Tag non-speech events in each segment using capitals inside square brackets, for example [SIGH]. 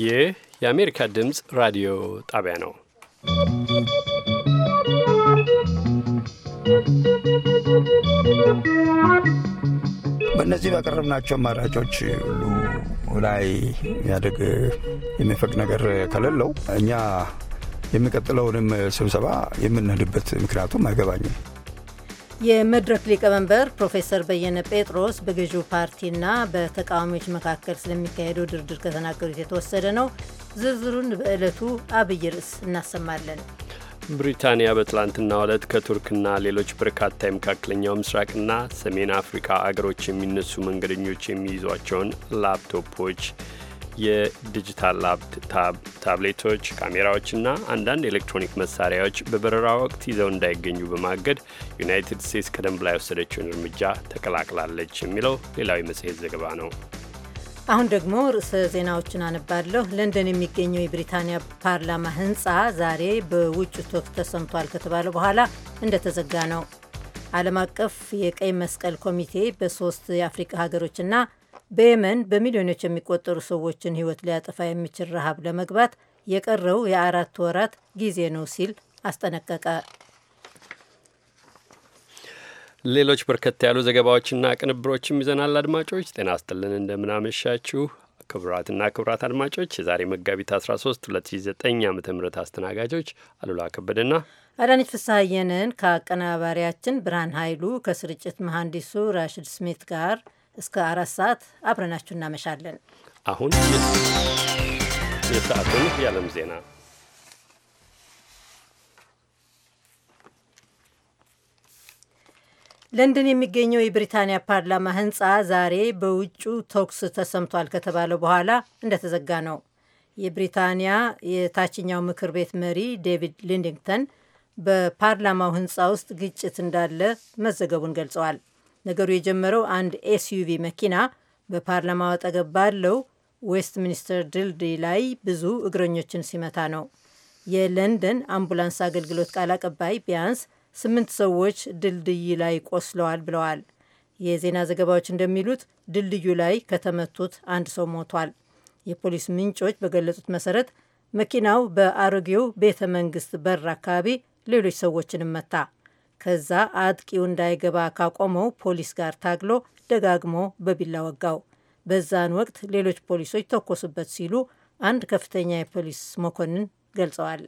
ይህ የአሜሪካ ድምፅ ራዲዮ ጣቢያ ነው። በእነዚህ ባቀረብናቸው አማራጮች ሁሉ ላይ የሚያደግ የሚፈቅ ነገር ከሌለው እኛ የሚቀጥለውንም ስብሰባ የምንሄድበት ምክንያቱም አይገባኝም። የመድረክ ሊቀመንበር ፕሮፌሰር በየነ ጴጥሮስ በገዢው ፓርቲና በተቃዋሚዎች መካከል ስለሚካሄደው ድርድር ከተናገሩት የተወሰደ ነው። ዝርዝሩን በዕለቱ አብይ ርዕስ እናሰማለን። ብሪታንያ በትላንትና ዕለት ከቱርክና ሌሎች በርካታ የመካከለኛው ምስራቅና ሰሜን አፍሪካ አገሮች የሚነሱ መንገደኞች የሚይዟቸውን ላፕቶፖች የዲጂታል ታብሌቶች፣ ካሜራዎችና አንዳንድ ኤሌክትሮኒክ መሳሪያዎች በበረራ ወቅት ይዘው እንዳይገኙ በማገድ ዩናይትድ ስቴትስ ቀደም ብላ የወሰደችውን እርምጃ ተቀላቅላለች የሚለው ሌላው የመጽሔት ዘገባ ነው። አሁን ደግሞ ርዕሰ ዜናዎችን አነባለሁ። ለንደን የሚገኘው የብሪታንያ ፓርላማ ህንፃ ዛሬ በውጭ ቶክ ተሰምቷል ከተባለ በኋላ እንደተዘጋ ነው። ዓለም አቀፍ የቀይ መስቀል ኮሚቴ በሶስት የአፍሪካ ሀገሮችና በየመን በሚሊዮኖች የሚቆጠሩ ሰዎችን ህይወት ሊያጠፋ የሚችል ረሃብ ለመግባት የቀረው የአራት ወራት ጊዜ ነው ሲል አስጠነቀቀ። ሌሎች በርከት ያሉ ዘገባዎችና ቅንብሮችም ይዘናል። አድማጮች ጤና ስጥልን፣ እንደምናመሻችሁ ክቡራትና ክቡራት አድማጮች የዛሬ መጋቢት 13 2009 ዓ ም አስተናጋጆች አሉላ ከበደና አዳነች ፍስሐየንን ከአቀናባሪያችን ብርሃን ኃይሉ ከስርጭት መሐንዲሱ ራሽድ ስሚት ጋር እስከ አራት ሰዓት አብረናችሁ እናመሻለን። አሁን የሰዓቱን የዓለም ዜና ለንደን የሚገኘው የብሪታንያ ፓርላማ ህንፃ ዛሬ በውጩ ተኩስ ተሰምቷል ከተባለ በኋላ እንደተዘጋ ነው። የብሪታንያ የታችኛው ምክር ቤት መሪ ዴቪድ ሊንዲንግተን በፓርላማው ህንፃ ውስጥ ግጭት እንዳለ መዘገቡን ገልጸዋል። ነገሩ የጀመረው አንድ ኤስዩቪ መኪና በፓርላማው አጠገብ ባለው ዌስት ሚኒስተር ድልድይ ላይ ብዙ እግረኞችን ሲመታ ነው። የለንደን አምቡላንስ አገልግሎት ቃል አቀባይ ቢያንስ ስምንት ሰዎች ድልድይ ላይ ቆስለዋል ብለዋል። የዜና ዘገባዎች እንደሚሉት ድልድዩ ላይ ከተመቱት አንድ ሰው ሞቷል። የፖሊስ ምንጮች በገለጹት መሰረት መኪናው በአሮጌው ቤተ መንግስት በር አካባቢ ሌሎች ሰዎችንም መታ። ከዛ አጥቂው እንዳይገባ ካቆመው ፖሊስ ጋር ታግሎ ደጋግሞ በቢላ ወጋው። በዛን ወቅት ሌሎች ፖሊሶች ተኮሱበት ሲሉ አንድ ከፍተኛ የፖሊስ መኮንን ገልጸዋል።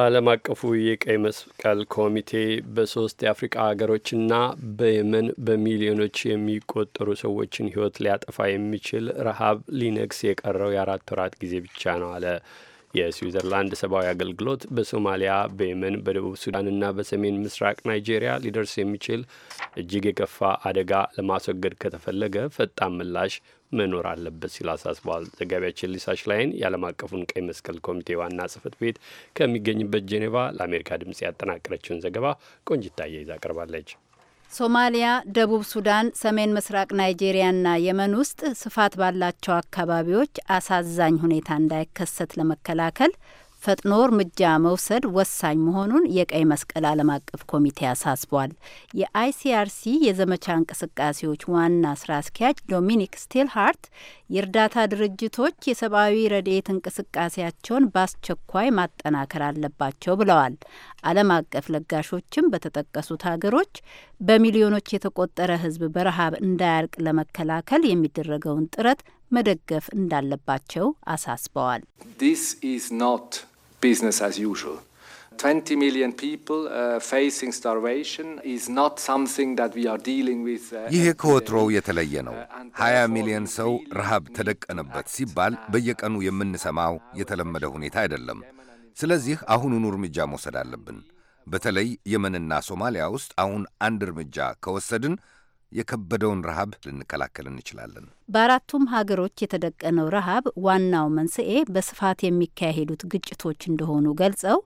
ዓለም አቀፉ የቀይ መስቀል ኮሚቴ በሶስት የአፍሪቃ ሀገሮችና በየመን በሚሊዮኖች የሚቆጠሩ ሰዎችን ሕይወት ሊያጠፋ የሚችል ረሃብ ሊነግስ የቀረው የአራት ወራት ጊዜ ብቻ ነው አለ። የስዊዘርላንድ ሰብአዊ አገልግሎት በሶማሊያ፣ በየመን፣ በደቡብ ሱዳንና በሰሜን ምስራቅ ናይጄሪያ ሊደርስ የሚችል እጅግ የከፋ አደጋ ለማስወገድ ከተፈለገ ፈጣን ምላሽ መኖር አለበት ሲል አሳስበዋል። ዘጋቢያችን ሊሳሽ ላይን የዓለም አቀፉን ቀይ መስቀል ኮሚቴ ዋና ጽህፈት ቤት ከሚገኝበት ጄኔቫ ለአሜሪካ ድምፅ ያጠናቀረችውን ዘገባ ቆንጅታየ ይዛ ቀርባለች። ሶማሊያ፣ ደቡብ ሱዳን፣ ሰሜን ምስራቅ ናይጄሪያና የመን ውስጥ ስፋት ባላቸው አካባቢዎች አሳዛኝ ሁኔታ እንዳይከሰት ለመከላከል ፈጥኖ እርምጃ መውሰድ ወሳኝ መሆኑን የቀይ መስቀል ዓለም አቀፍ ኮሚቴ አሳስቧል። የአይሲአርሲ የዘመቻ እንቅስቃሴዎች ዋና ስራ አስኪያጅ ዶሚኒክ ስቲልሃርት የእርዳታ ድርጅቶች የሰብአዊ ረድኤት እንቅስቃሴያቸውን በአስቸኳይ ማጠናከር አለባቸው ብለዋል። ዓለም አቀፍ ለጋሾችም በተጠቀሱት ሀገሮች በሚሊዮኖች የተቆጠረ ሕዝብ በረሃብ እንዳያልቅ ለመከላከል የሚደረገውን ጥረት መደገፍ እንዳለባቸው አሳስበዋል። business as usual. 20 million people uh, facing starvation is not something that we are dealing with. Uh, ይህ ከወትሮው የተለየ ነው። 20 uh, ሚሊዮን ሰው ረሃብ ተደቀነበት ሲባል uh, በየቀኑ የምንሰማው የተለመደ ሁኔታ አይደለም። ስለዚህ አሁኑኑ እርምጃ መውሰድ አለብን። በተለይ የመንና ሶማሊያ ውስጥ አሁን አንድ እርምጃ ከወሰድን የከበደውን ረሃብ ልንከላከል እንችላለን። በአራቱም ሀገሮች የተደቀነው ረሃብ ዋናው መንስኤ በስፋት የሚካሄዱት ግጭቶች እንደሆኑ ገልጸው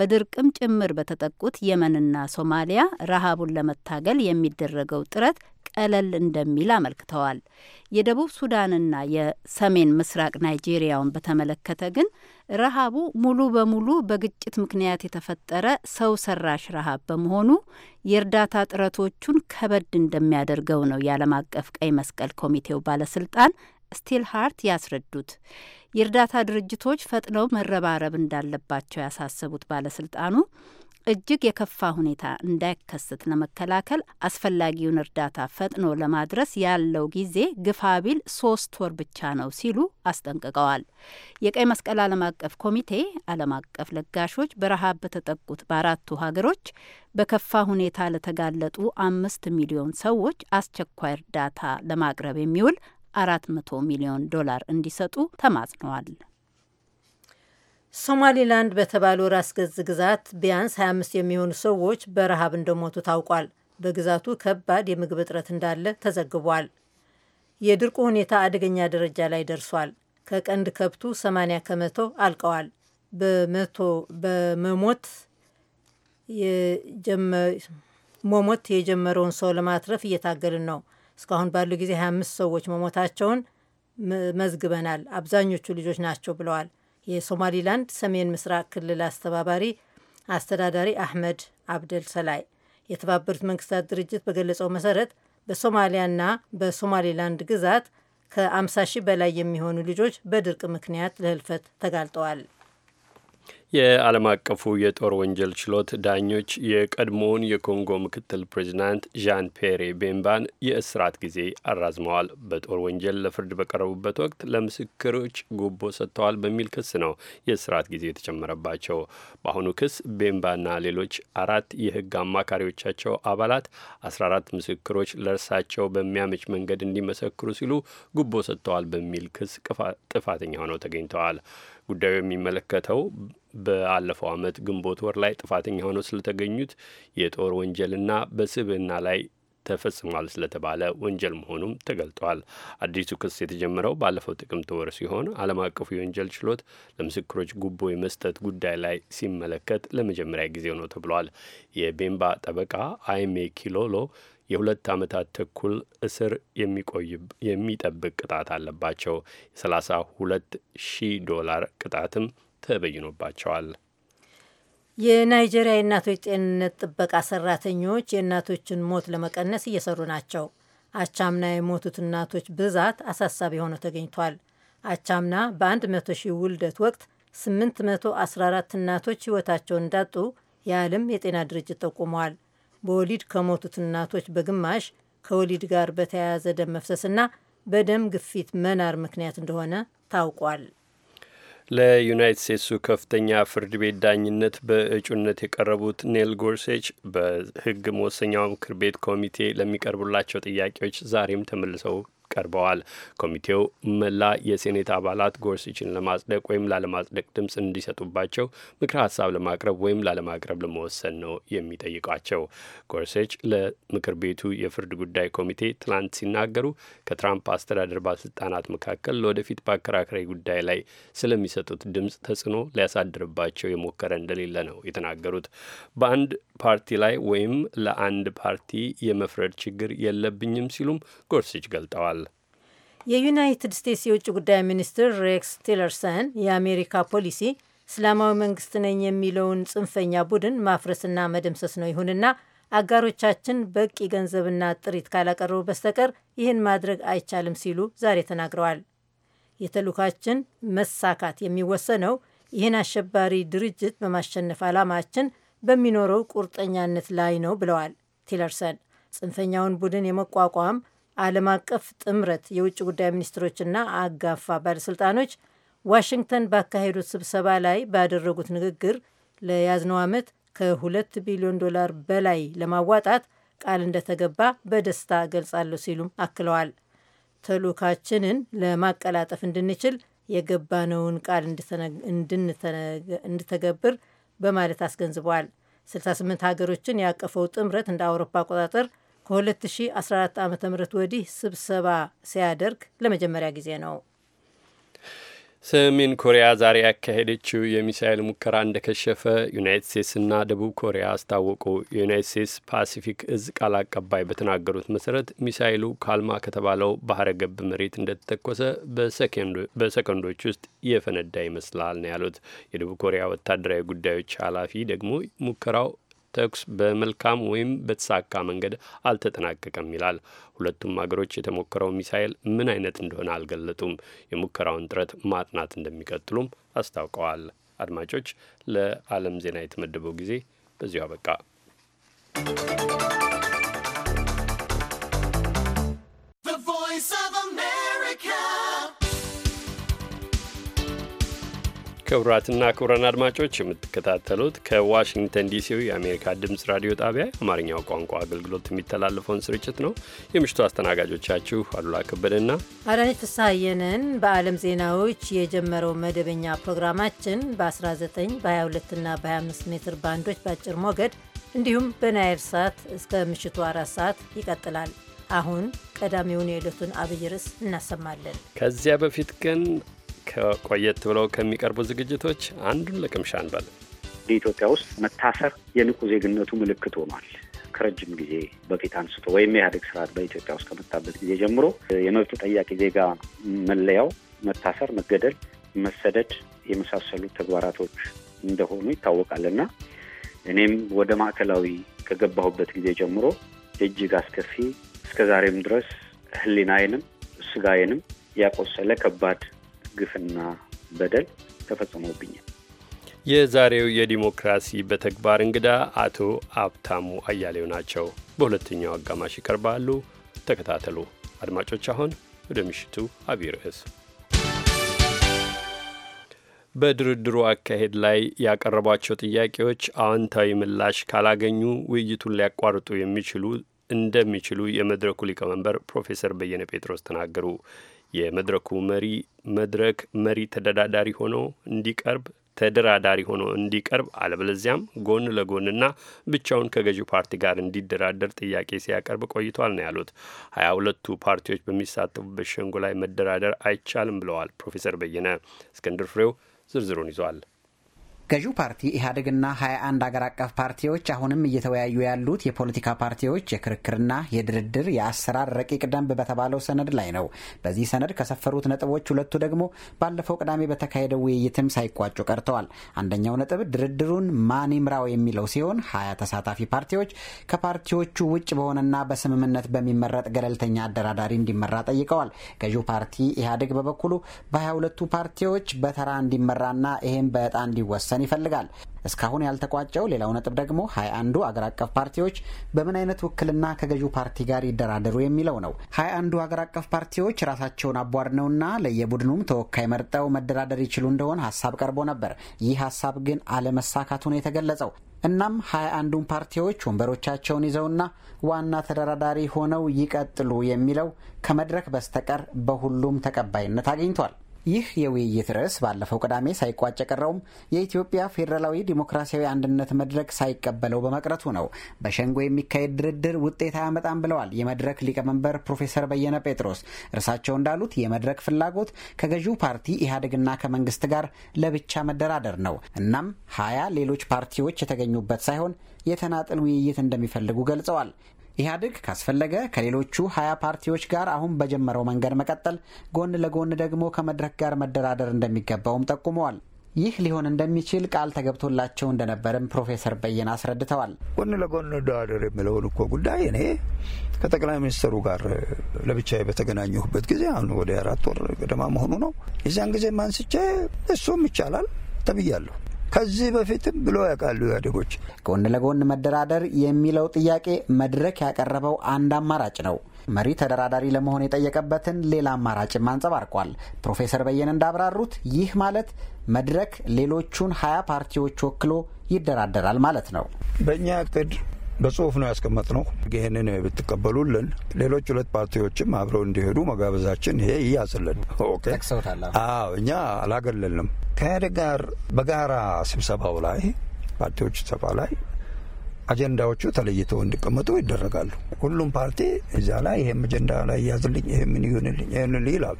በድርቅም ጭምር በተጠቁት የመንና ሶማሊያ ረሃቡን ለመታገል የሚደረገው ጥረት ቀለል እንደሚል አመልክተዋል። የደቡብ ሱዳንና የሰሜን ምስራቅ ናይጄሪያውን በተመለከተ ግን ረሃቡ ሙሉ በሙሉ በግጭት ምክንያት የተፈጠረ ሰው ሰራሽ ረሃብ በመሆኑ የእርዳታ ጥረቶቹን ከበድ እንደሚያደርገው ነው የዓለም አቀፍ ቀይ መስቀል ኮሚቴው ባለስልጣን ስቲል ሃርት ያስረዱት የእርዳታ ድርጅቶች ፈጥነው መረባረብ እንዳለባቸው ያሳሰቡት ባለስልጣኑ እጅግ የከፋ ሁኔታ እንዳይከሰት ለመከላከል አስፈላጊውን እርዳታ ፈጥኖ ለማድረስ ያለው ጊዜ ግፋቢል ሶስት ወር ብቻ ነው ሲሉ አስጠንቅቀዋል። የቀይ መስቀል ዓለም አቀፍ ኮሚቴ ዓለም አቀፍ ለጋሾች በረሃብ በተጠቁት በአራቱ ሀገሮች በከፋ ሁኔታ ለተጋለጡ አምስት ሚሊዮን ሰዎች አስቸኳይ እርዳታ ለማቅረብ የሚውል 400 ሚሊዮን ዶላር እንዲሰጡ ተማጽነዋል። ሶማሊላንድ በተባለው ራስ ገዝ ግዛት ቢያንስ 25 የሚሆኑ ሰዎች በረሃብ እንደሞቱ ታውቋል። በግዛቱ ከባድ የምግብ እጥረት እንዳለ ተዘግቧል። የድርቁ ሁኔታ አደገኛ ደረጃ ላይ ደርሷል። ከቀንድ ከብቱ 80 ከመቶ አልቀዋል። በመቶ በመሞት መሞት የጀመረውን ሰው ለማትረፍ እየታገልን ነው። እስካሁን ባለው ጊዜ 25 ሰዎች መሞታቸውን መዝግበናል። አብዛኞቹ ልጆች ናቸው ብለዋል የሶማሊላንድ ሰሜን ምስራቅ ክልል አስተባባሪ አስተዳዳሪ አህመድ አብደል ሰላይ። የተባበሩት መንግስታት ድርጅት በገለጸው መሰረት በሶማሊያና በሶማሊላንድ ግዛት ከ50 ሺህ በላይ የሚሆኑ ልጆች በድርቅ ምክንያት ለህልፈት ተጋልጠዋል። የዓለም አቀፉ የጦር ወንጀል ችሎት ዳኞች የቀድሞውን የኮንጎ ምክትል ፕሬዚዳንት ዣን ፔሬ ቤምባን የእስራት ጊዜ አራዝመዋል። በጦር ወንጀል ለፍርድ በቀረቡበት ወቅት ለምስክሮች ጉቦ ሰጥተዋል በሚል ክስ ነው የእስራት ጊዜ የተጨመረባቸው። በአሁኑ ክስ ቤምባና ሌሎች አራት የህግ አማካሪዎቻቸው አባላት 14 ምስክሮች ለእርሳቸው በሚያመች መንገድ እንዲመሰክሩ ሲሉ ጉቦ ሰጥተዋል በሚል ክስ ጥፋተኛ ሆነው ተገኝተዋል። ጉዳዩ የሚመለከተው በአለፈው ዓመት ግንቦት ወር ላይ ጥፋተኛ ሆነው ስለተገኙት የጦር ወንጀልና በስብና ላይ ተፈጽሟል ስለተባለ ወንጀል መሆኑም ተገልጧል። አዲሱ ክስ የተጀመረው ባለፈው ጥቅምት ወር ሲሆን ዓለም አቀፉ የወንጀል ችሎት ለምስክሮች ጉቦ የመስጠት ጉዳይ ላይ ሲመለከት ለመጀመሪያ ጊዜው ነው ተብሏል። የቤምባ ጠበቃ አይሜ ኪሎሎ የሁለት ዓመታት ተኩል እስር የሚጠብቅ ቅጣት አለባቸው። የ32 ሺህ ዶላር ቅጣትም ተበይኖባቸዋል። የናይጄሪያ የእናቶች ጤንነት ጥበቃ ሰራተኞች የእናቶችን ሞት ለመቀነስ እየሰሩ ናቸው። አቻምና የሞቱት እናቶች ብዛት አሳሳቢ ሆኖ ተገኝቷል። አቻምና በ100 ሺህ ውልደት ወቅት 814 እናቶች ሕይወታቸውን እንዳጡ የዓለም የጤና ድርጅት ጠቁመዋል። በወሊድ ከሞቱት እናቶች በግማሽ ከወሊድ ጋር በተያያዘ ደም መፍሰስና በደም ግፊት መናር ምክንያት እንደሆነ ታውቋል። ለዩናይት ስቴትሱ ከፍተኛ ፍርድ ቤት ዳኝነት በእጩነት የቀረቡት ኔል ጎርሴች በሕግ መወሰኛው ምክር ቤት ኮሚቴ ለሚቀርቡላቸው ጥያቄዎች ዛሬም ተመልሰው ቀርበዋል። ኮሚቴው መላ የሴኔት አባላት ጎርሲችን ለማጽደቅ ወይም ላለማጽደቅ ድምፅ እንዲሰጡባቸው ምክረ ሀሳብ ለማቅረብ ወይም ላለማቅረብ ለመወሰን ነው የሚጠይቋቸው። ጎርሴች ለምክር ቤቱ የፍርድ ጉዳይ ኮሚቴ ትናንት ሲናገሩ ከትራምፕ አስተዳደር ባለስልጣናት መካከል ለወደፊት በአከራካሪ ጉዳይ ላይ ስለሚሰጡት ድምፅ ተጽዕኖ ሊያሳድርባቸው የሞከረ እንደሌለ ነው የተናገሩት። በአንድ ፓርቲ ላይ ወይም ለአንድ ፓርቲ የመፍረድ ችግር የለብኝም ሲሉም ጎርሲች ገልጠዋል። የዩናይትድ ስቴትስ የውጭ ጉዳይ ሚኒስትር ሬክስ ቲለርሰን የአሜሪካ ፖሊሲ እስላማዊ መንግስት ነኝ የሚለውን ጽንፈኛ ቡድን ማፍረስና መደምሰስ ነው። ይሁንና አጋሮቻችን በቂ ገንዘብና ጥሪት ካላቀረቡ በስተቀር ይህን ማድረግ አይቻልም ሲሉ ዛሬ ተናግረዋል። የተልዕኳችን መሳካት የሚወሰነው ይህን አሸባሪ ድርጅት በማሸነፍ ዓላማችን በሚኖረው ቁርጠኛነት ላይ ነው ብለዋል ቲለርሰን። ጽንፈኛውን ቡድን የመቋቋም ዓለም አቀፍ ጥምረት የውጭ ጉዳይ ሚኒስትሮችና አጋፋ ባለሥልጣኖች ዋሽንግተን ባካሄዱት ስብሰባ ላይ ባደረጉት ንግግር ለያዝነው ዓመት ከሁለት ቢሊዮን ዶላር በላይ ለማዋጣት ቃል እንደተገባ በደስታ ገልጻለሁ ሲሉም አክለዋል። ተሉካችንን ለማቀላጠፍ እንድንችል የገባነውን ቃል እንድንተገብር በማለት አስገንዝበዋል። 68 ሀገሮችን ያቀፈው ጥምረት እንደ አውሮፓ አቆጣጠር ከ2014 ዓ ም ወዲህ ስብሰባ ሲያደርግ ለመጀመሪያ ጊዜ ነው። ሰሜን ኮሪያ ዛሬ ያካሄደችው የሚሳኤል ሙከራ እንደከሸፈ ዩናይት ስቴትስና ደቡብ ኮሪያ አስታወቁ። የዩናይት ስቴትስ ፓሲፊክ እዝ ቃል አቀባይ በተናገሩት መሰረት ሚሳኤሉ ካልማ ከተባለው ባህረ ገብ መሬት እንደተተኮሰ በሰከንዶች ውስጥ የፈነዳ ይመስላል ነው ያሉት። የደቡብ ኮሪያ ወታደራዊ ጉዳዮች ኃላፊ ደግሞ ሙከራው ተኩስ በመልካም ወይም በተሳካ መንገድ አልተጠናቀቀም ይላል። ሁለቱም አገሮች የተሞከረው ሚሳይል ምን አይነት እንደሆነ አልገለጡም። የሙከራውን ጥረት ማጥናት እንደሚቀጥሉም አስታውቀዋል። አድማጮች፣ ለዓለም ዜና የተመደበው ጊዜ በዚሁ አበቃ። ክቡራትና ክቡራን አድማጮች የምትከታተሉት ከዋሽንግተን ዲሲው የአሜሪካ ድምፅ ራዲዮ ጣቢያ አማርኛው ቋንቋ አገልግሎት የሚተላለፈውን ስርጭት ነው። የምሽቱ አስተናጋጆቻችሁ አሉላ ከበደና አዳነች ፍስሐየንን። በዓለም ዜናዎች የጀመረው መደበኛ ፕሮግራማችን በ19 በ22ና በ25 ሜትር ባንዶች በአጭር ሞገድ እንዲሁም በናይል ሳት እስከ ምሽቱ አራት ሰዓት ይቀጥላል። አሁን ቀዳሚውን የዕለቱን አብይ ርዕስ እናሰማለን። ከዚያ በፊት ግን ቆየት ብለው ከሚቀርቡ ዝግጅቶች አንዱን ለቅምሻ እንበል። በኢትዮጵያ ውስጥ መታሰር የንቁ ዜግነቱ ምልክት ሆኗል። ከረጅም ጊዜ በፊት አንስቶ ወይም የኢህአዴግ ስርዓት በኢትዮጵያ ውስጥ ከመጣበት ጊዜ ጀምሮ የመብት ጠያቂ ዜጋ መለያው መታሰር፣ መገደል፣ መሰደድ የመሳሰሉ ተግባራቶች እንደሆኑ ይታወቃልና እኔም ወደ ማዕከላዊ ከገባሁበት ጊዜ ጀምሮ እጅግ አስከፊ እስከ ዛሬም ድረስ ህሊናዬንም ስጋዬንም ያቆሰለ ከባድ ግፍና በደል ተፈጽሞብኛል። የዛሬው የዲሞክራሲ በተግባር እንግዳ አቶ አብታሙ አያሌው ናቸው። በሁለተኛው አጋማሽ ይቀርባሉ። ተከታተሉ አድማጮች። አሁን ወደ ምሽቱ አብይ ርዕስ በድርድሩ አካሄድ ላይ ያቀረቧቸው ጥያቄዎች አዎንታዊ ምላሽ ካላገኙ ውይይቱን ሊያቋርጡ የሚችሉ እንደሚችሉ የመድረኩ ሊቀመንበር ፕሮፌሰር በየነ ጴጥሮስ ተናገሩ። የመድረኩ መሪ መድረክ መሪ ተደራዳሪ ሆኖ እንዲቀርብ ተደራዳሪ ሆኖ እንዲቀርብ አለበለዚያም ጎን ለጎንና ብቻውን ከገዢው ፓርቲ ጋር እንዲደራደር ጥያቄ ሲያቀርብ ቆይቷል ነው ያሉት። ሀያ ሁለቱ ፓርቲዎች በሚሳተፉበት ሸንጎ ላይ መደራደር አይቻልም ብለዋል ፕሮፌሰር በየነ እስክንድር ፍሬው ዝርዝሩን ይዟል። ገዢው ፓርቲ ኢህአዴግና 21 አገር አቀፍ ፓርቲዎች አሁንም እየተወያዩ ያሉት የፖለቲካ ፓርቲዎች የክርክርና የድርድር የአሰራር ረቂቅ ደንብ በተባለው ሰነድ ላይ ነው። በዚህ ሰነድ ከሰፈሩት ነጥቦች ሁለቱ ደግሞ ባለፈው ቅዳሜ በተካሄደው ውይይትም ሳይቋጩ ቀርተዋል። አንደኛው ነጥብ ድርድሩን ማን ይምራው የሚለው ሲሆን ሀያ ተሳታፊ ፓርቲዎች ከፓርቲዎቹ ውጭ በሆነና በስምምነት በሚመረጥ ገለልተኛ አደራዳሪ እንዲመራ ጠይቀዋል። ገዢው ፓርቲ ኢህአዴግ በበኩሉ በሀያ ሁለቱ ፓርቲዎች በተራ እንዲመራና ይህም በእጣ እንዲወሰን እንዲፈጠን ይፈልጋል። እስካሁን ያልተቋጨው ሌላው ነጥብ ደግሞ ሀያ አንዱ አገር አቀፍ ፓርቲዎች በምን አይነት ውክልና ከገዢው ፓርቲ ጋር ይደራደሩ የሚለው ነው። ሀያ አንዱ አገር አቀፍ ፓርቲዎች ራሳቸውን አቧድነውና ለየቡድኑም ተወካይ መርጠው መደራደር ይችሉ እንደሆነ ሀሳብ ቀርቦ ነበር። ይህ ሀሳብ ግን አለመሳካቱ ነው የተገለጸው። እናም ሀያ አንዱን ፓርቲዎች ወንበሮቻቸውን ይዘውና ዋና ተደራዳሪ ሆነው ይቀጥሉ የሚለው ከመድረክ በስተቀር በሁሉም ተቀባይነት አግኝቷል። ይህ የውይይት ርዕስ ባለፈው ቅዳሜ ሳይቋጭ የቀረውም የኢትዮጵያ ፌዴራላዊ ዲሞክራሲያዊ አንድነት መድረክ ሳይቀበለው በመቅረቱ ነው። በሸንጎ የሚካሄድ ድርድር ውጤት አያመጣም ብለዋል የመድረክ ሊቀመንበር ፕሮፌሰር በየነ ጴጥሮስ። እርሳቸው እንዳሉት የመድረክ ፍላጎት ከገዢው ፓርቲ ኢህአዴግና ከመንግስት ጋር ለብቻ መደራደር ነው። እናም ሀያ ሌሎች ፓርቲዎች የተገኙበት ሳይሆን የተናጥል ውይይት እንደሚፈልጉ ገልጸዋል። ኢህአዴግ ካስፈለገ ከሌሎቹ ሀያ ፓርቲዎች ጋር አሁን በጀመረው መንገድ መቀጠል፣ ጎን ለጎን ደግሞ ከመድረክ ጋር መደራደር እንደሚገባውም ጠቁመዋል። ይህ ሊሆን እንደሚችል ቃል ተገብቶላቸው እንደነበርም ፕሮፌሰር በየን አስረድተዋል። ጎን ለጎን መደራደር የሚለውን እኮ ጉዳይ እኔ ከጠቅላይ ሚኒስትሩ ጋር ለብቻዬ በተገናኘሁበት ጊዜ አሁን ወደ አራት ወር ገደማ መሆኑ ነው። የዚያን ጊዜ ማንስቼ እሱም ይቻላል ተብያለሁ። ከዚህ በፊትም ብሎ ያውቃሉ ኢህአዴጎች። ጎን ለጎን መደራደር የሚለው ጥያቄ መድረክ ያቀረበው አንድ አማራጭ ነው። መሪ ተደራዳሪ ለመሆን የጠየቀበትን ሌላ አማራጭም አንጸባርቋል። ፕሮፌሰር በየነ እንዳብራሩት ይህ ማለት መድረክ ሌሎቹን ሀያ ፓርቲዎች ወክሎ ይደራደራል ማለት ነው። በእኛ እቅድ በጽሁፍ ነው ያስቀመጥ ነው። ይህንን ብትቀበሉልን ሌሎች ሁለት ፓርቲዎችም አብረው እንዲሄዱ መጋበዛችን ይሄ ይያዝልን። ኦኬ፣ እኛ አላገለልንም። ከኢህአዴግ ጋር በጋራ ስብሰባው ላይ ፓርቲዎች ስብሰባ ላይ አጀንዳዎቹ ተለይተው እንዲቀመጡ ይደረጋሉ። ሁሉም ፓርቲ እዛ ላይ ይሄም አጀንዳ ላይ ያዝልኝ፣ ይህምን ይሁንልኝ፣ ይህንልኝ ይላሉ።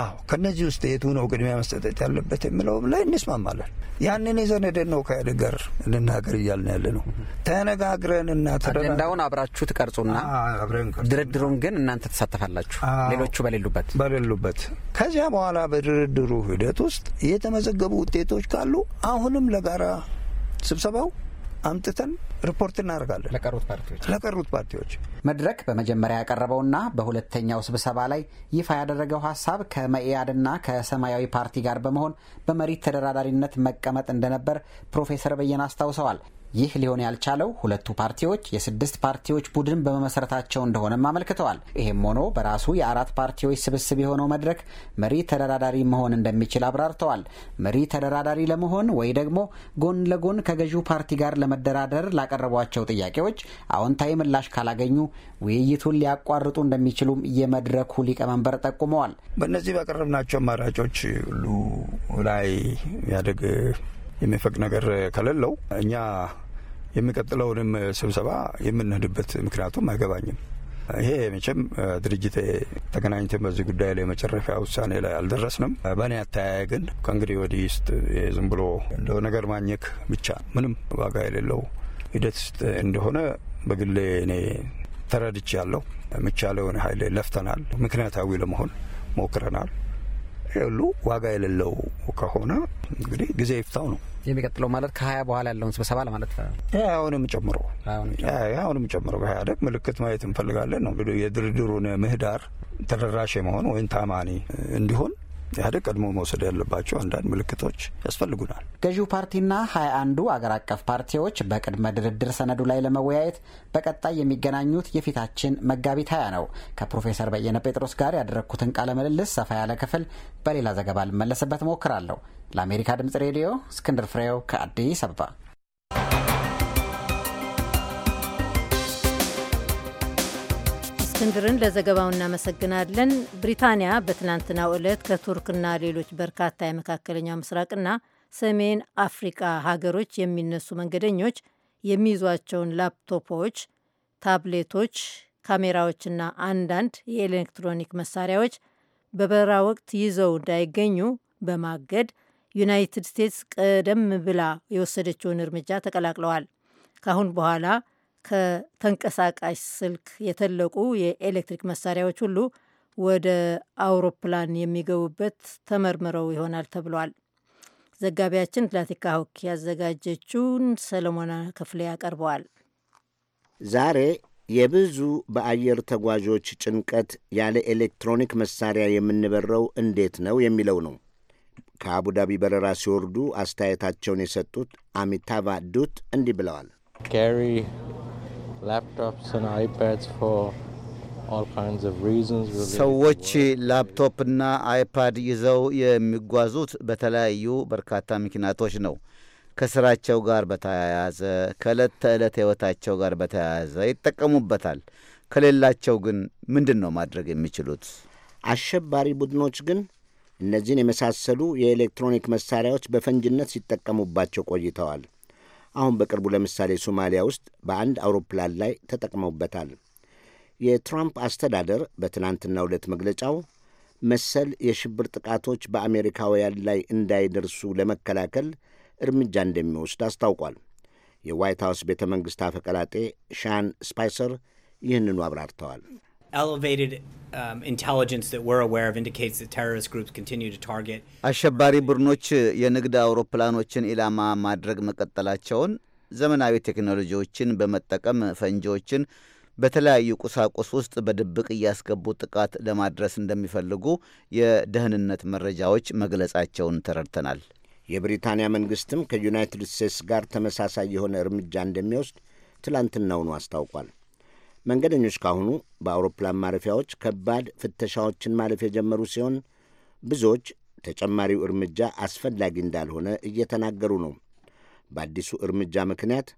አዎ ከነዚህ ውስጥ የቱ ነው ቅድሚያ መስጠት ያለበት የሚለውም ላይ እንስማማለን። ያንን ይዘን ሄደን ነው ከኢህአዴግ ጋር እንናገር እያልን ያለ ነው። ተነጋግረን እና አጀንዳውን አብራችሁ ትቀርጹና ድርድሩን ግን እናንተ ትሳተፋላችሁ ሌሎቹ በሌሉበት በሌሉበት። ከዚያ በኋላ በድርድሩ ሂደት ውስጥ የተመዘገቡ ውጤቶች ካሉ አሁንም ለጋራ ስብሰባው አምጥተን ሪፖርት እናደርጋለን ለቀሩት ፓርቲዎች ለቀሩት ፓርቲዎች። መድረክ በመጀመሪያ ያቀረበውና በሁለተኛው ስብሰባ ላይ ይፋ ያደረገው ሀሳብ ከመኢአድና ከሰማያዊ ፓርቲ ጋር በመሆን በመሪት ተደራዳሪነት መቀመጥ እንደነበር ፕሮፌሰር በየነ አስታውሰዋል። ይህ ሊሆን ያልቻለው ሁለቱ ፓርቲዎች የስድስት ፓርቲዎች ቡድን በመመሰረታቸው እንደሆነም አመልክተዋል። ይህም ሆኖ በራሱ የአራት ፓርቲዎች ስብስብ የሆነው መድረክ መሪ ተደራዳሪ መሆን እንደሚችል አብራርተዋል። መሪ ተደራዳሪ ለመሆን ወይ ደግሞ ጎን ለጎን ከገዢው ፓርቲ ጋር ለመደራደር ላቀረቧቸው ጥያቄዎች አዎንታዊ ምላሽ ካላገኙ ውይይቱን ሊያቋርጡ እንደሚችሉም የመድረኩ ሊቀመንበር ጠቁመዋል። በእነዚህ ባቀረብናቸው አማራጮች ሁሉ ላይ ያደግ የሚፈቅድ ነገር ከሌለው እኛ የሚቀጥለውንም ስብሰባ የምንሄድበት ምክንያቱም አይገባኝም። ይሄ መቼም ድርጅት ተገናኝተን በዚህ ጉዳይ ላይ መጨረሻ ውሳኔ ላይ አልደረስንም። በእኔ አተያየ ግን ከእንግዲህ ወዲህ ውስጥ ዝም ብሎ እንደ ነገር ማኘክ ብቻ ምንም ዋጋ የሌለው ሂደት ውስጥ እንደሆነ በግሌ እኔ ተረድቼ ያለው የሚቻለውን ኃይል ለፍተናል። ምክንያታዊ ለመሆን ሞክረናል። ሁሉ ዋጋ የሌለው ከሆነ እንግዲህ ጊዜ ይፍታው ነው የሚቀጥለው። ማለት ከሀያ በኋላ ያለውን ስብሰባ ለማለት አሁንም ጨምሮ አሁንም ጨምሮ ደግ ምልክት ማየት እንፈልጋለን ነው የድርድሩን ምህዳር ተደራሽ መሆን ወይም ታማኒ እንዲሆን ኢህአዴግ ቀድሞ መውሰድ ያለባቸው አንዳንድ ምልክቶች ያስፈልጉናል። ገዢው ፓርቲና ሀያ አንዱ አገር አቀፍ ፓርቲዎች በቅድመ ድርድር ሰነዱ ላይ ለመወያየት በቀጣይ የሚገናኙት የፊታችን መጋቢት ሀያ ነው። ከፕሮፌሰር በየነ ጴጥሮስ ጋር ያደረግኩትን ቃለ ምልልስ ሰፋ ያለ ክፍል በሌላ ዘገባ ልመለስበት ሞክራለሁ። ለአሜሪካ ድምጽ ሬዲዮ እስክንድር ፍሬው ከአዲስ አበባ እስክንድርን ለዘገባው እናመሰግናለን። ብሪታንያ በትናንትናው ዕለት ከቱርክና ሌሎች በርካታ የመካከለኛው ምስራቅና ሰሜን አፍሪቃ ሀገሮች የሚነሱ መንገደኞች የሚይዟቸውን ላፕቶፖች፣ ታብሌቶች፣ ካሜራዎችና አንዳንድ የኤሌክትሮኒክ መሳሪያዎች በበረራ ወቅት ይዘው እንዳይገኙ በማገድ ዩናይትድ ስቴትስ ቀደም ብላ የወሰደችውን እርምጃ ተቀላቅለዋል። ካሁን በኋላ ከተንቀሳቃሽ ስልክ የተለቁ የኤሌክትሪክ መሳሪያዎች ሁሉ ወደ አውሮፕላን የሚገቡበት ተመርምረው ይሆናል ተብሏል። ዘጋቢያችን ትላቲካ ሆክ ያዘጋጀችውን ሰለሞን ክፍሌ ያቀርበዋል። ዛሬ የብዙ በአየር ተጓዦች ጭንቀት ያለ ኤሌክትሮኒክ መሳሪያ የምንበረው እንዴት ነው የሚለው ነው። ከአቡዳቢ በረራ ሲወርዱ አስተያየታቸውን የሰጡት አሚታቫ ዱት እንዲህ ብለዋል። Carry laptops and iPads for ሰዎች ላፕቶፕና አይፓድ ይዘው የሚጓዙት በተለያዩ በርካታ ምክንያቶች ነው። ከስራቸው ጋር በተያያዘ ከዕለት ተዕለት ህይወታቸው ጋር በተያያዘ ይጠቀሙበታል። ከሌላቸው ግን ምንድን ነው ማድረግ የሚችሉት? አሸባሪ ቡድኖች ግን እነዚህን የመሳሰሉ የኤሌክትሮኒክ መሳሪያዎች በፈንጅነት ሲጠቀሙባቸው ቆይተዋል። አሁን በቅርቡ ለምሳሌ ሶማሊያ ውስጥ በአንድ አውሮፕላን ላይ ተጠቅመውበታል። የትራምፕ አስተዳደር በትናንትና ዕለት መግለጫው መሰል የሽብር ጥቃቶች በአሜሪካውያን ላይ እንዳይደርሱ ለመከላከል እርምጃ እንደሚወስድ አስታውቋል። የዋይት ሀውስ ቤተ መንግሥት አፈቀላጤ ሻን ስፓይሰር ይህንኑ አብራርተዋል። elevated um, intelligence that we're aware of indicates that terrorist groups continue to target አሸባሪ ቡድኖች የንግድ አውሮፕላኖችን ኢላማ ማድረግ መቀጠላቸውን ዘመናዊ ቴክኖሎጂዎችን በመጠቀም ፈንጂዎችን በተለያዩ ቁሳቁስ ውስጥ በድብቅ እያስገቡ ጥቃት ለማድረስ እንደሚፈልጉ የደህንነት መረጃዎች መግለጻቸውን ተረድተናል። የብሪታንያ መንግስትም ከዩናይትድ ስቴትስ ጋር ተመሳሳይ የሆነ እርምጃ እንደሚወስድ ትላንትናውኑ አስታውቋል። መንገደኞች ካሁኑ በአውሮፕላን ማረፊያዎች ከባድ ፍተሻዎችን ማለፍ የጀመሩ ሲሆን ብዙዎች ተጨማሪው እርምጃ አስፈላጊ እንዳልሆነ እየተናገሩ ነው። በአዲሱ እርምጃ ምክንያት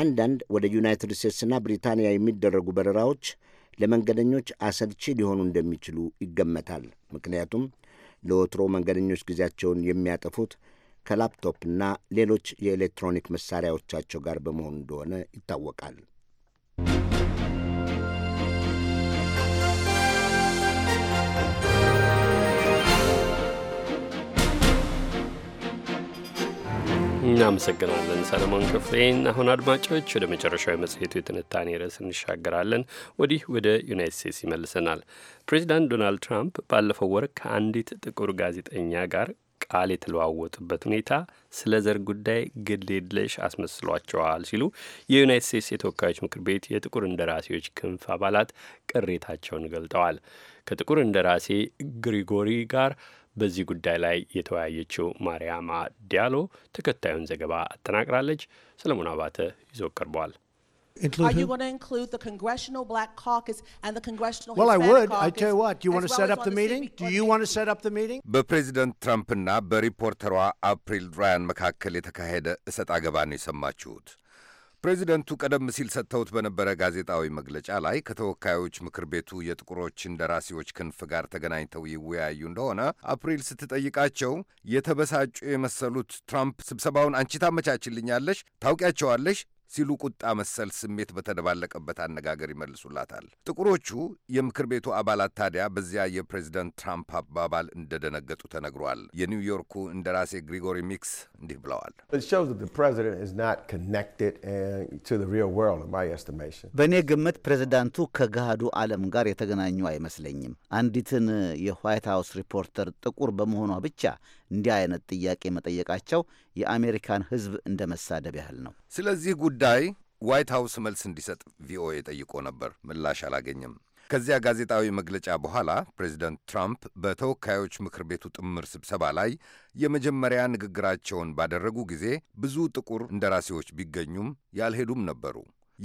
አንዳንድ ወደ ዩናይትድ ስቴትስና ብሪታንያ የሚደረጉ በረራዎች ለመንገደኞች አሰልቺ ሊሆኑ እንደሚችሉ ይገመታል። ምክንያቱም ለወትሮ መንገደኞች ጊዜያቸውን የሚያጠፉት ከላፕቶፕና ሌሎች የኤሌክትሮኒክ መሳሪያዎቻቸው ጋር በመሆኑ እንደሆነ ይታወቃል። እናመሰግናለን ሰለሞን ክፍሌን። አሁን አድማጮች ወደ መጨረሻ መጽሔቱ የትንታኔ ርዕስ እንሻገራለን። ወዲህ ወደ ዩናይት ስቴትስ ይመልሰናል። ፕሬዚዳንት ዶናልድ ትራምፕ ባለፈው ወር ከአንዲት ጥቁር ጋዜጠኛ ጋር ቃል የተለዋወጡበት ሁኔታ ስለ ዘር ጉዳይ ግድ የለሽ አስመስሏቸዋል ሲሉ የዩናይት ስቴትስ የተወካዮች ምክር ቤት የጥቁር እንደራሴዎች ክንፍ አባላት ቅሬታቸውን ገልጠዋል። ከጥቁር እንደራሴ ግሪጎሪ ጋር በዚህ ጉዳይ ላይ የተወያየችው ማርያማ ዲያሎ ተከታዩን ዘገባ አጠናቅራለች። ሰለሞን አባተ ይዞ ቀርቧል። በፕሬዚደንት ትራምፕና በሪፖርተሯ አፕሪል ራያን መካከል የተካሄደ እሰጥ አገባ ነው የሰማችሁት። ፕሬዚደንቱ ቀደም ሲል ሰጥተውት በነበረ ጋዜጣዊ መግለጫ ላይ ከተወካዮች ምክር ቤቱ የጥቁሮች እንደራሴዎች ክንፍ ጋር ተገናኝተው ይወያዩ እንደሆነ አፕሪል ስትጠይቃቸው የተበሳጩ የመሰሉት ትራምፕ ስብሰባውን አንቺ ታመቻችልኛለሽ፣ ታውቂያቸዋለሽ፣ ሲሉ ቁጣ መሰል ስሜት በተደባለቀበት አነጋገር ይመልሱላታል። ጥቁሮቹ የምክር ቤቱ አባላት ታዲያ በዚያ የፕሬዚደንት ትራምፕ አባባል እንደደነገጡ ተነግሯል። የኒውዮርኩ እንደራሴ ግሪጎሪ ሚክስ እንዲህ ብለዋል። eh, በእኔ ግምት ፕሬዚዳንቱ ከገሃዱ ዓለም ጋር የተገናኙ አይመስለኝም። አንዲትን eh, የዋይት ሃውስ ሪፖርተር ጥቁር በመሆኗ ብቻ እንዲህ አይነት ጥያቄ መጠየቃቸው የአሜሪካን ሕዝብ እንደ መሳደብ ያህል ነው። ስለዚህ ጉዳይ ዋይት ሀውስ መልስ እንዲሰጥ ቪኦኤ ጠይቆ ነበር። ምላሽ አላገኘም። ከዚያ ጋዜጣዊ መግለጫ በኋላ ፕሬዚደንት ትራምፕ በተወካዮች ምክር ቤቱ ጥምር ስብሰባ ላይ የመጀመሪያ ንግግራቸውን ባደረጉ ጊዜ ብዙ ጥቁር እንደራሴዎች ቢገኙም ያልሄዱም ነበሩ።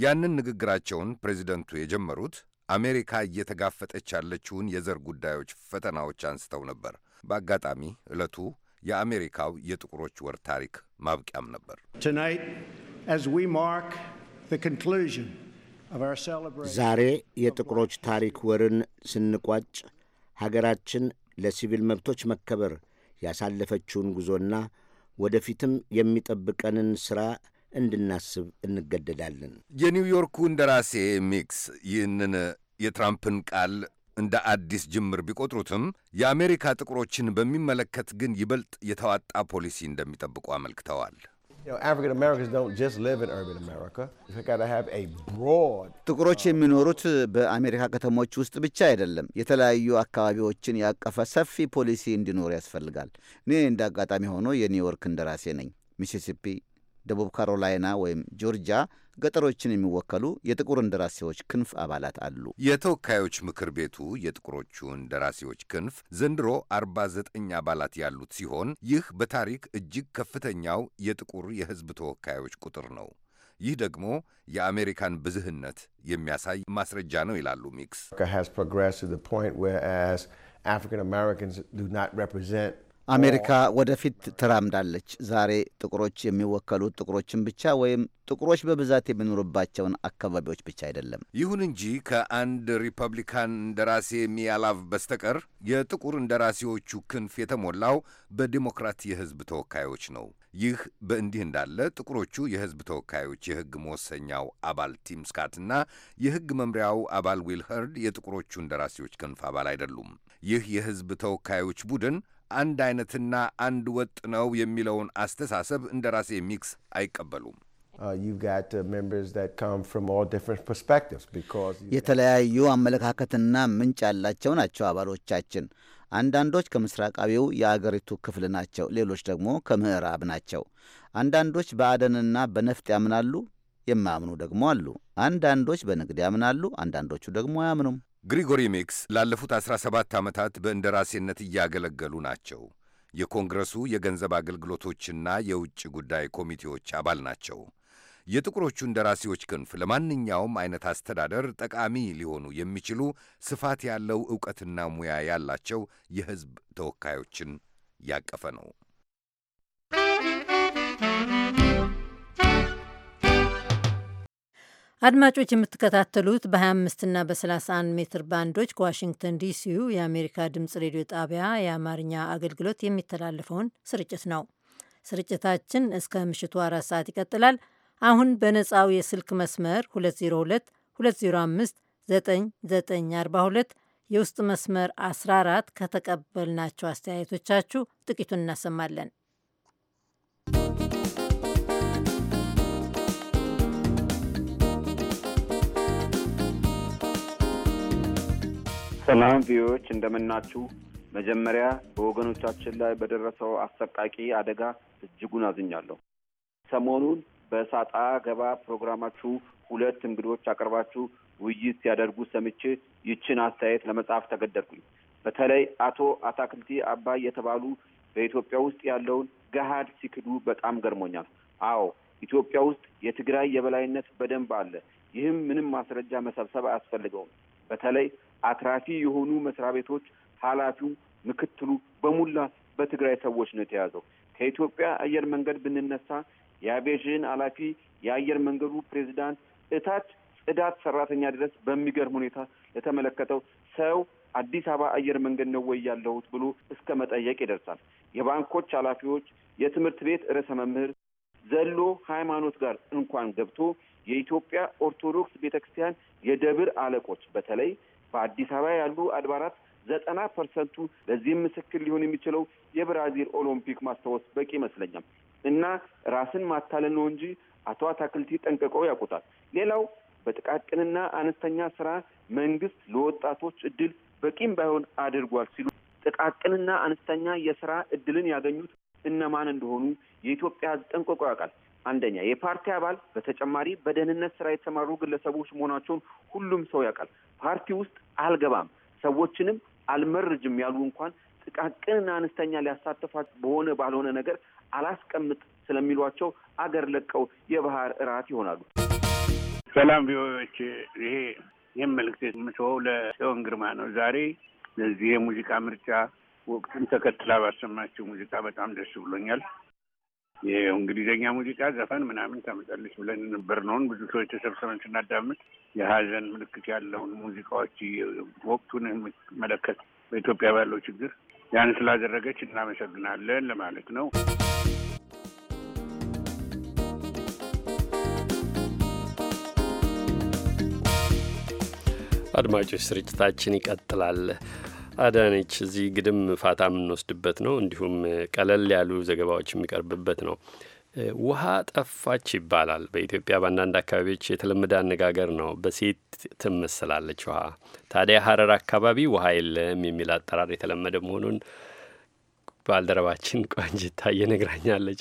ያንን ንግግራቸውን ፕሬዚደንቱ የጀመሩት አሜሪካ እየተጋፈጠች ያለችውን የዘር ጉዳዮች ፈተናዎች አንስተው ነበር። በአጋጣሚ ዕለቱ የአሜሪካው የጥቁሮች ወር ታሪክ ማብቂያም ነበር። ዛሬ የጥቁሮች ታሪክ ወርን ስንቋጭ ሀገራችን ለሲቪል መብቶች መከበር ያሳለፈችውን ጉዞና ወደፊትም የሚጠብቀንን ሥራ እንድናስብ እንገደዳለን። የኒውዮርኩ እንደራሴ ሚክስ ይህንን የትራምፕን ቃል እንደ አዲስ ጅምር ቢቆጥሩትም የአሜሪካ ጥቁሮችን በሚመለከት ግን ይበልጥ የተዋጣ ፖሊሲ እንደሚጠብቁ አመልክተዋል። ጥቁሮች የሚኖሩት በአሜሪካ ከተሞች ውስጥ ብቻ አይደለም። የተለያዩ አካባቢዎችን ያቀፈ ሰፊ ፖሊሲ እንዲኖር ያስፈልጋል። እኔ እንደ አጋጣሚ ሆኖ የኒውዮርክ እንደራሴ ነኝ። ሚሲሲፒ፣ ደቡብ ካሮላይና ወይም ጆርጂያ ገጠሮችን የሚወከሉ የጥቁር እንደራሴዎች ክንፍ አባላት አሉ። የተወካዮች ምክር ቤቱ የጥቁሮቹ እንደራሴዎች ክንፍ ዘንድሮ 49 አባላት ያሉት ሲሆን ይህ በታሪክ እጅግ ከፍተኛው የጥቁር የሕዝብ ተወካዮች ቁጥር ነው። ይህ ደግሞ የአሜሪካን ብዝህነት የሚያሳይ ማስረጃ ነው ይላሉ ሚክስ አሜሪካ ወደፊት ትራምዳለች። ዛሬ ጥቁሮች የሚወከሉት ጥቁሮችን ብቻ ወይም ጥቁሮች በብዛት የሚኖሩባቸውን አካባቢዎች ብቻ አይደለም። ይሁን እንጂ ከአንድ ሪፐብሊካን እንደራሴ ሚያላቭ በስተቀር የጥቁር እንደራሴዎቹ ክንፍ የተሞላው በዲሞክራት የህዝብ ተወካዮች ነው። ይህ በእንዲህ እንዳለ ጥቁሮቹ የህዝብ ተወካዮች የህግ መወሰኛው አባል ቲም ስካትና የህግ መምሪያው አባል ዊል ኸርድ የጥቁሮቹ እንደራሴዎች ክንፍ አባል አይደሉም። ይህ የህዝብ ተወካዮች ቡድን አንድ አይነትና አንድ ወጥ ነው የሚለውን አስተሳሰብ እንደራሴ ሚክስ አይቀበሉም። uh, uh, የተለያዩ አመለካከትና ምንጭ ያላቸው ናቸው አባሎቻችን። አንዳንዶች ከምስራቃዊው የአገሪቱ ክፍል ናቸው፣ ሌሎች ደግሞ ከምዕራብ ናቸው። አንዳንዶች በአደንና በነፍጥ ያምናሉ፣ የማያምኑ ደግሞ አሉ። አንዳንዶች በንግድ ያምናሉ፣ አንዳንዶቹ ደግሞ አያምኑም። ግሪጎሪ ሚክስ ላለፉት 17 ዓመታት በእንደራሴነት እያገለገሉ ናቸው። የኮንግረሱ የገንዘብ አገልግሎቶችና የውጭ ጉዳይ ኮሚቴዎች አባል ናቸው። የጥቁሮቹ እንደራሴዎች ክንፍ ለማንኛውም አይነት አስተዳደር ጠቃሚ ሊሆኑ የሚችሉ ስፋት ያለው ዕውቀትና ሙያ ያላቸው የሕዝብ ተወካዮችን ያቀፈ ነው። አድማጮች የምትከታተሉት በ25 እና በ31 ሜትር ባንዶች ከዋሽንግተን ዲሲው የአሜሪካ ድምፅ ሬዲዮ ጣቢያ የአማርኛ አገልግሎት የሚተላለፈውን ስርጭት ነው። ስርጭታችን እስከ ምሽቱ አራት ሰዓት ይቀጥላል። አሁን በነፃው የስልክ መስመር 202 205 9942 የውስጥ መስመር 14 ከተቀበልናቸው አስተያየቶቻችሁ ጥቂቱን እናሰማለን። ሰላም ቪዎች እንደምናችሁ። መጀመሪያ በወገኖቻችን ላይ በደረሰው አሰቃቂ አደጋ እጅጉን አዝኛለሁ። ሰሞኑን በሳጣ ገባ ፕሮግራማችሁ ሁለት እንግዶች አቅርባችሁ ውይይት ሲያደርጉ ሰምቼ ይችን አስተያየት ለመጻፍ ተገደድኩኝ። በተለይ አቶ አታክልቲ አባይ የተባሉ በኢትዮጵያ ውስጥ ያለውን ገሀድ ሲክዱ በጣም ገርሞኛል። አዎ ኢትዮጵያ ውስጥ የትግራይ የበላይነት በደንብ አለ። ይህም ምንም ማስረጃ መሰብሰብ አያስፈልገውም። በተለይ አትራፊ የሆኑ መስሪያ ቤቶች ኃላፊው፣ ምክትሉ በሙላ በትግራይ ሰዎች ነው የተያዘው። ከኢትዮጵያ አየር መንገድ ብንነሳ የአቪዬሽን ኃላፊ፣ የአየር መንገዱ ፕሬዚዳንት፣ እታች ጽዳት ሰራተኛ ድረስ በሚገርም ሁኔታ ለተመለከተው ሰው አዲስ አበባ አየር መንገድ ነው ወይ ያለሁት ብሎ እስከ መጠየቅ ይደርሳል። የባንኮች ኃላፊዎች፣ የትምህርት ቤት ርዕሰ መምህር ዘሎ ሃይማኖት ጋር እንኳን ገብቶ የኢትዮጵያ ኦርቶዶክስ ቤተ ክርስቲያን የደብር አለቆች በተለይ በአዲስ አበባ ያሉ አድባራት ዘጠና ፐርሰንቱ ለዚህም ምስክር ሊሆን የሚችለው የብራዚል ኦሎምፒክ ማስታወስ በቂ ይመስለኛል። እና ራስን ማታለል ነው እንጂ አቶ አታክልቲ ጠንቅቀው ያውቁታል። ሌላው በጥቃቅንና አነስተኛ ስራ መንግስት ለወጣቶች እድል በቂም ባይሆን አድርጓል ሲሉ ጥቃቅንና አነስተኛ የስራ እድልን ያገኙት እነማን እንደሆኑ የኢትዮጵያ ሕዝብ ጠንቅቆ ያውቃል። አንደኛ የፓርቲ አባል፣ በተጨማሪ በደህንነት ስራ የተሰማሩ ግለሰቦች መሆናቸውን ሁሉም ሰው ያውቃል። ፓርቲ ውስጥ አልገባም፣ ሰዎችንም አልመርጅም ያሉ እንኳን ጥቃቅንና አነስተኛ ሊያሳተፋት በሆነ ባልሆነ ነገር አላስቀምጥ ስለሚሏቸው አገር ለቀው የባህር እራት ይሆናሉ። ሰላም ቪዎች ይሄ ይህም መልእክት የምስበው ለጽዮን ግርማ ነው። ዛሬ ለዚህ የሙዚቃ ምርጫ ወቅቱን ተከትላ ባሰማችው ሙዚቃ በጣም ደስ ብሎኛል። የእንግሊዝኛ ሙዚቃ ዘፈን ምናምን ታመጣለች ብለን ነበር ነውን ብዙ ሰዎች ተሰብስበን ስናዳምጥ የሀዘን ምልክት ያለውን ሙዚቃዎች ወቅቱን የምትመለከት በኢትዮጵያ ባለው ችግር ያን ስላደረገች እናመሰግናለን ለማለት ነው። አድማጮች ስርጭታችን ይቀጥላል። አዳነች እዚህ ግድም ፋታ የምንወስድበት ነው። እንዲሁም ቀለል ያሉ ዘገባዎች የሚቀርብበት ነው። ውሃ ጠፋች ይባላል። በኢትዮጵያ በአንዳንድ አካባቢዎች የተለመደ አነጋገር ነው። በሴት ትመስላለች ውሃ። ታዲያ ሀረር አካባቢ ውሃ የለም የሚል አጠራር የተለመደ መሆኑን ባልደረባችን ቆንጅታ እየነግራኛለች።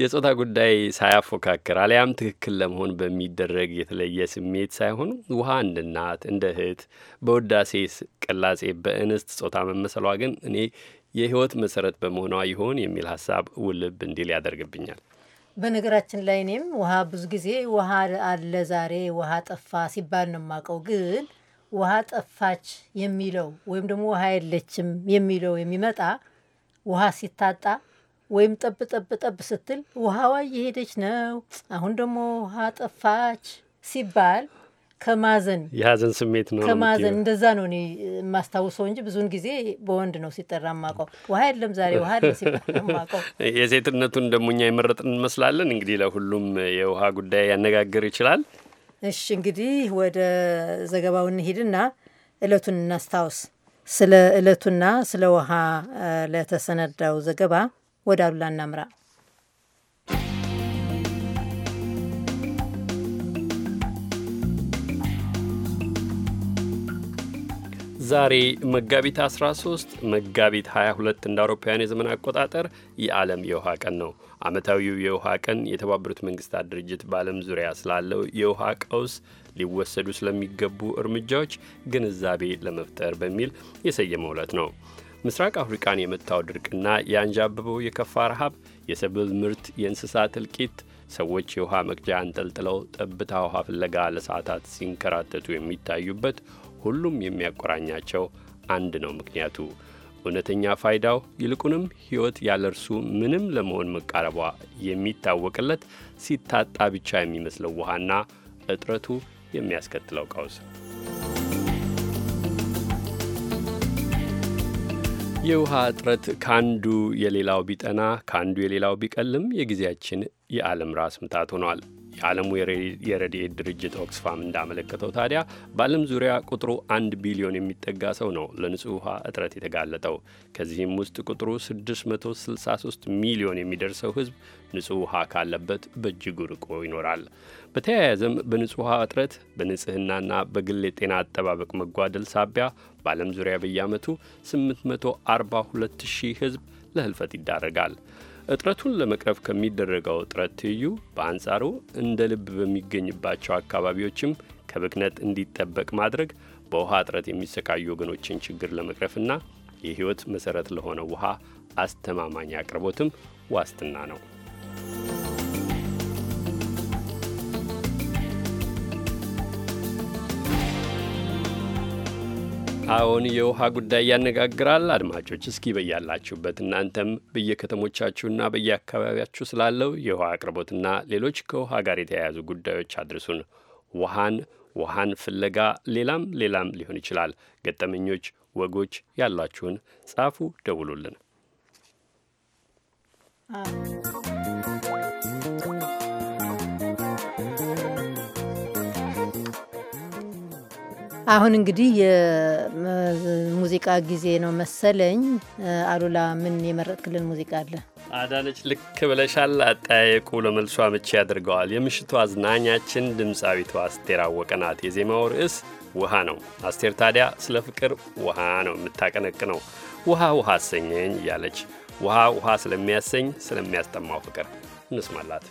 የጾታ ጉዳይ ሳያፎካክር አሊያም ትክክል ለመሆን በሚደረግ የተለየ ስሜት ሳይሆን ውሃ እንደ እናት እንደ እህት በወዳሴ ቅላጼ በእንስት ጾታ መመሰሏ ግን እኔ የህይወት መሰረት በመሆኗ ይሆን የሚል ሀሳብ ውልብ እንዲል ያደርግብኛል። በነገራችን ላይ እኔም ውሃ ብዙ ጊዜ ውሃ አለ ዛሬ ውሃ ጠፋ ሲባል ነው የማውቀው ግን ውሃ ጠፋች የሚለው ወይም ደግሞ ውሃ የለችም የሚለው የሚመጣ ውሃ ሲታጣ ወይም ጠብ ጠብ ጠብ ስትል ውሃዋ እየሄደች ነው፣ አሁን ደግሞ ውሃ ጠፋች ሲባል ከማዘን የሀዘን ስሜት ነው። ከማዘን እንደዛ ነው እኔ የማስታውሰው እንጂ ብዙውን ጊዜ በወንድ ነው ሲጠራ ማቀው። ውሃ የለም ዛሬ ውሃ የለም ሲባል ማቀው። [LAUGHS] የሴትነቱን ደግሞ እኛ የመረጥን እንመስላለን። እንግዲህ ለሁሉም የውሃ ጉዳይ ያነጋግር ይችላል። እሺ እንግዲህ ወደ ዘገባው እንሂድና እለቱን እናስታውስ። ስለ እለቱና ስለ ውሃ ለተሰነዳው ዘገባ ወደ አሉላ እናምራ። ዛሬ መጋቢት 13 መጋቢት 22 እንደ አውሮፓውያን የዘመን አቆጣጠር የዓለም የውሃ ቀን ነው። ዓመታዊው የውሃ ቀን የተባበሩት መንግስታት ድርጅት በዓለም ዙሪያ ስላለው የውሃ ቀውስ ሊወሰዱ ስለሚገቡ እርምጃዎች ግንዛቤ ለመፍጠር በሚል የሰየመው ዕለት ነው። ምስራቅ አፍሪቃን የመታው ድርቅና የአንዣበበው የከፋ ረሃብ፣ የሰብል ምርት፣ የእንስሳት እልቂት፣ ሰዎች የውሃ መቅጃ አንጠልጥለው ጠብታ ውሃ ፍለጋ ለሰዓታት ሲንከራተቱ የሚታዩበት ሁሉም የሚያቆራኛቸው አንድ ነው ምክንያቱ እውነተኛ ፋይዳው ይልቁንም ሕይወት ያለ እርሱ ምንም ለመሆን መቃረቧ የሚታወቅለት ሲታጣ ብቻ የሚመስለው ውሃና እጥረቱ የሚያስከትለው ቀውስ። የውሃ እጥረት ከአንዱ የሌላው ቢጠና ከአንዱ የሌላው ቢቀልም የጊዜያችን የዓለም ራስ ምታት ሆኗል። የዓለሙ የረድኤት ድርጅት ኦክስፋም እንዳመለከተው ታዲያ በዓለም ዙሪያ ቁጥሩ አንድ ቢሊዮን የሚጠጋ ሰው ነው ለንጹህ ውሃ እጥረት የተጋለጠው። ከዚህም ውስጥ ቁጥሩ 663 ሚሊዮን የሚደርሰው ሕዝብ ንጹህ ውሃ ካለበት በእጅጉ ርቆ ይኖራል። በተያያዘም በንጹህ ውሃ እጥረት በንጽህናና በግል የጤና አጠባበቅ መጓደል ሳቢያ በዓለም ዙሪያ በየዓመቱ 842 ሺህ ሕዝብ ለህልፈት ይዳረጋል። እጥረቱን ለመቅረፍ ከሚደረገው ጥረት ትይዩ በአንጻሩ እንደ ልብ በሚገኝባቸው አካባቢዎችም ከብክነት እንዲጠበቅ ማድረግ በውሃ እጥረት የሚሰቃዩ ወገኖችን ችግር ለመቅረፍና የሕይወት መሠረት ለሆነ ውሃ አስተማማኝ አቅርቦትም ዋስትና ነው። አሁን የውሃ ጉዳይ ያነጋግራል። አድማጮች እስኪ በያላችሁበት እናንተም በየከተሞቻችሁና በየአካባቢያችሁ ስላለው የውሃ አቅርቦትና ሌሎች ከውሃ ጋር የተያያዙ ጉዳዮች አድርሱን። ውሃን ውሃን ፍለጋ ሌላም ሌላም ሊሆን ይችላል። ገጠመኞች፣ ወጎች ያሏችሁን ጻፉ፣ ደውሉልን። አሁን እንግዲህ የሙዚቃ ጊዜ ነው መሰለኝ። አሉላ ምን የመረጥክልን ሙዚቃ አለ? አዳነች ልክ ብለሻል። አጠያየቁ ለመልሶ ምቼ ያደርገዋል። የምሽቱ አዝናኛችን ድምፃዊቷ አስቴር አወቀ ናት። የዜማው ርዕስ ውሃ ነው። አስቴር ታዲያ ስለ ፍቅር ውሃ ነው ነው። ውሃ ውሃ አሰኘኝ እያለች ውሃ ውሃ ስለሚያሰኝ ስለሚያስጠማው ፍቅር እንስማላት።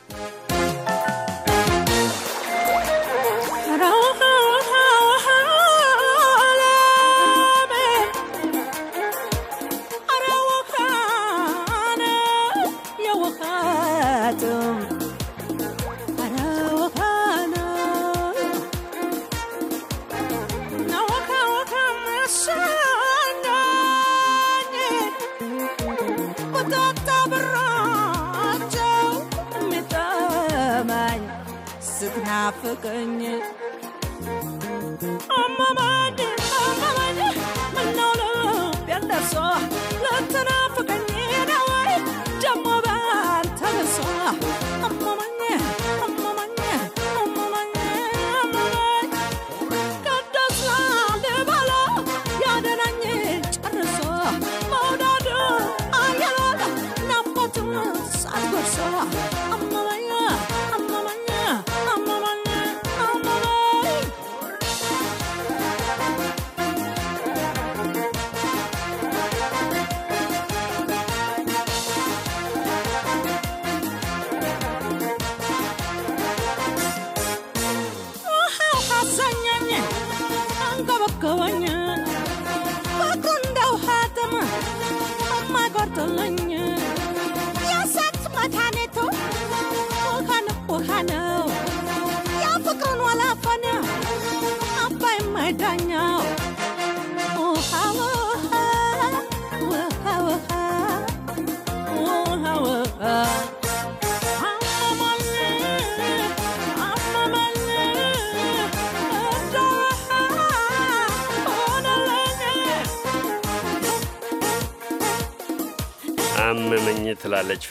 ናፍቀኝ አማማድ አማማድ ምናውለው ያለሷ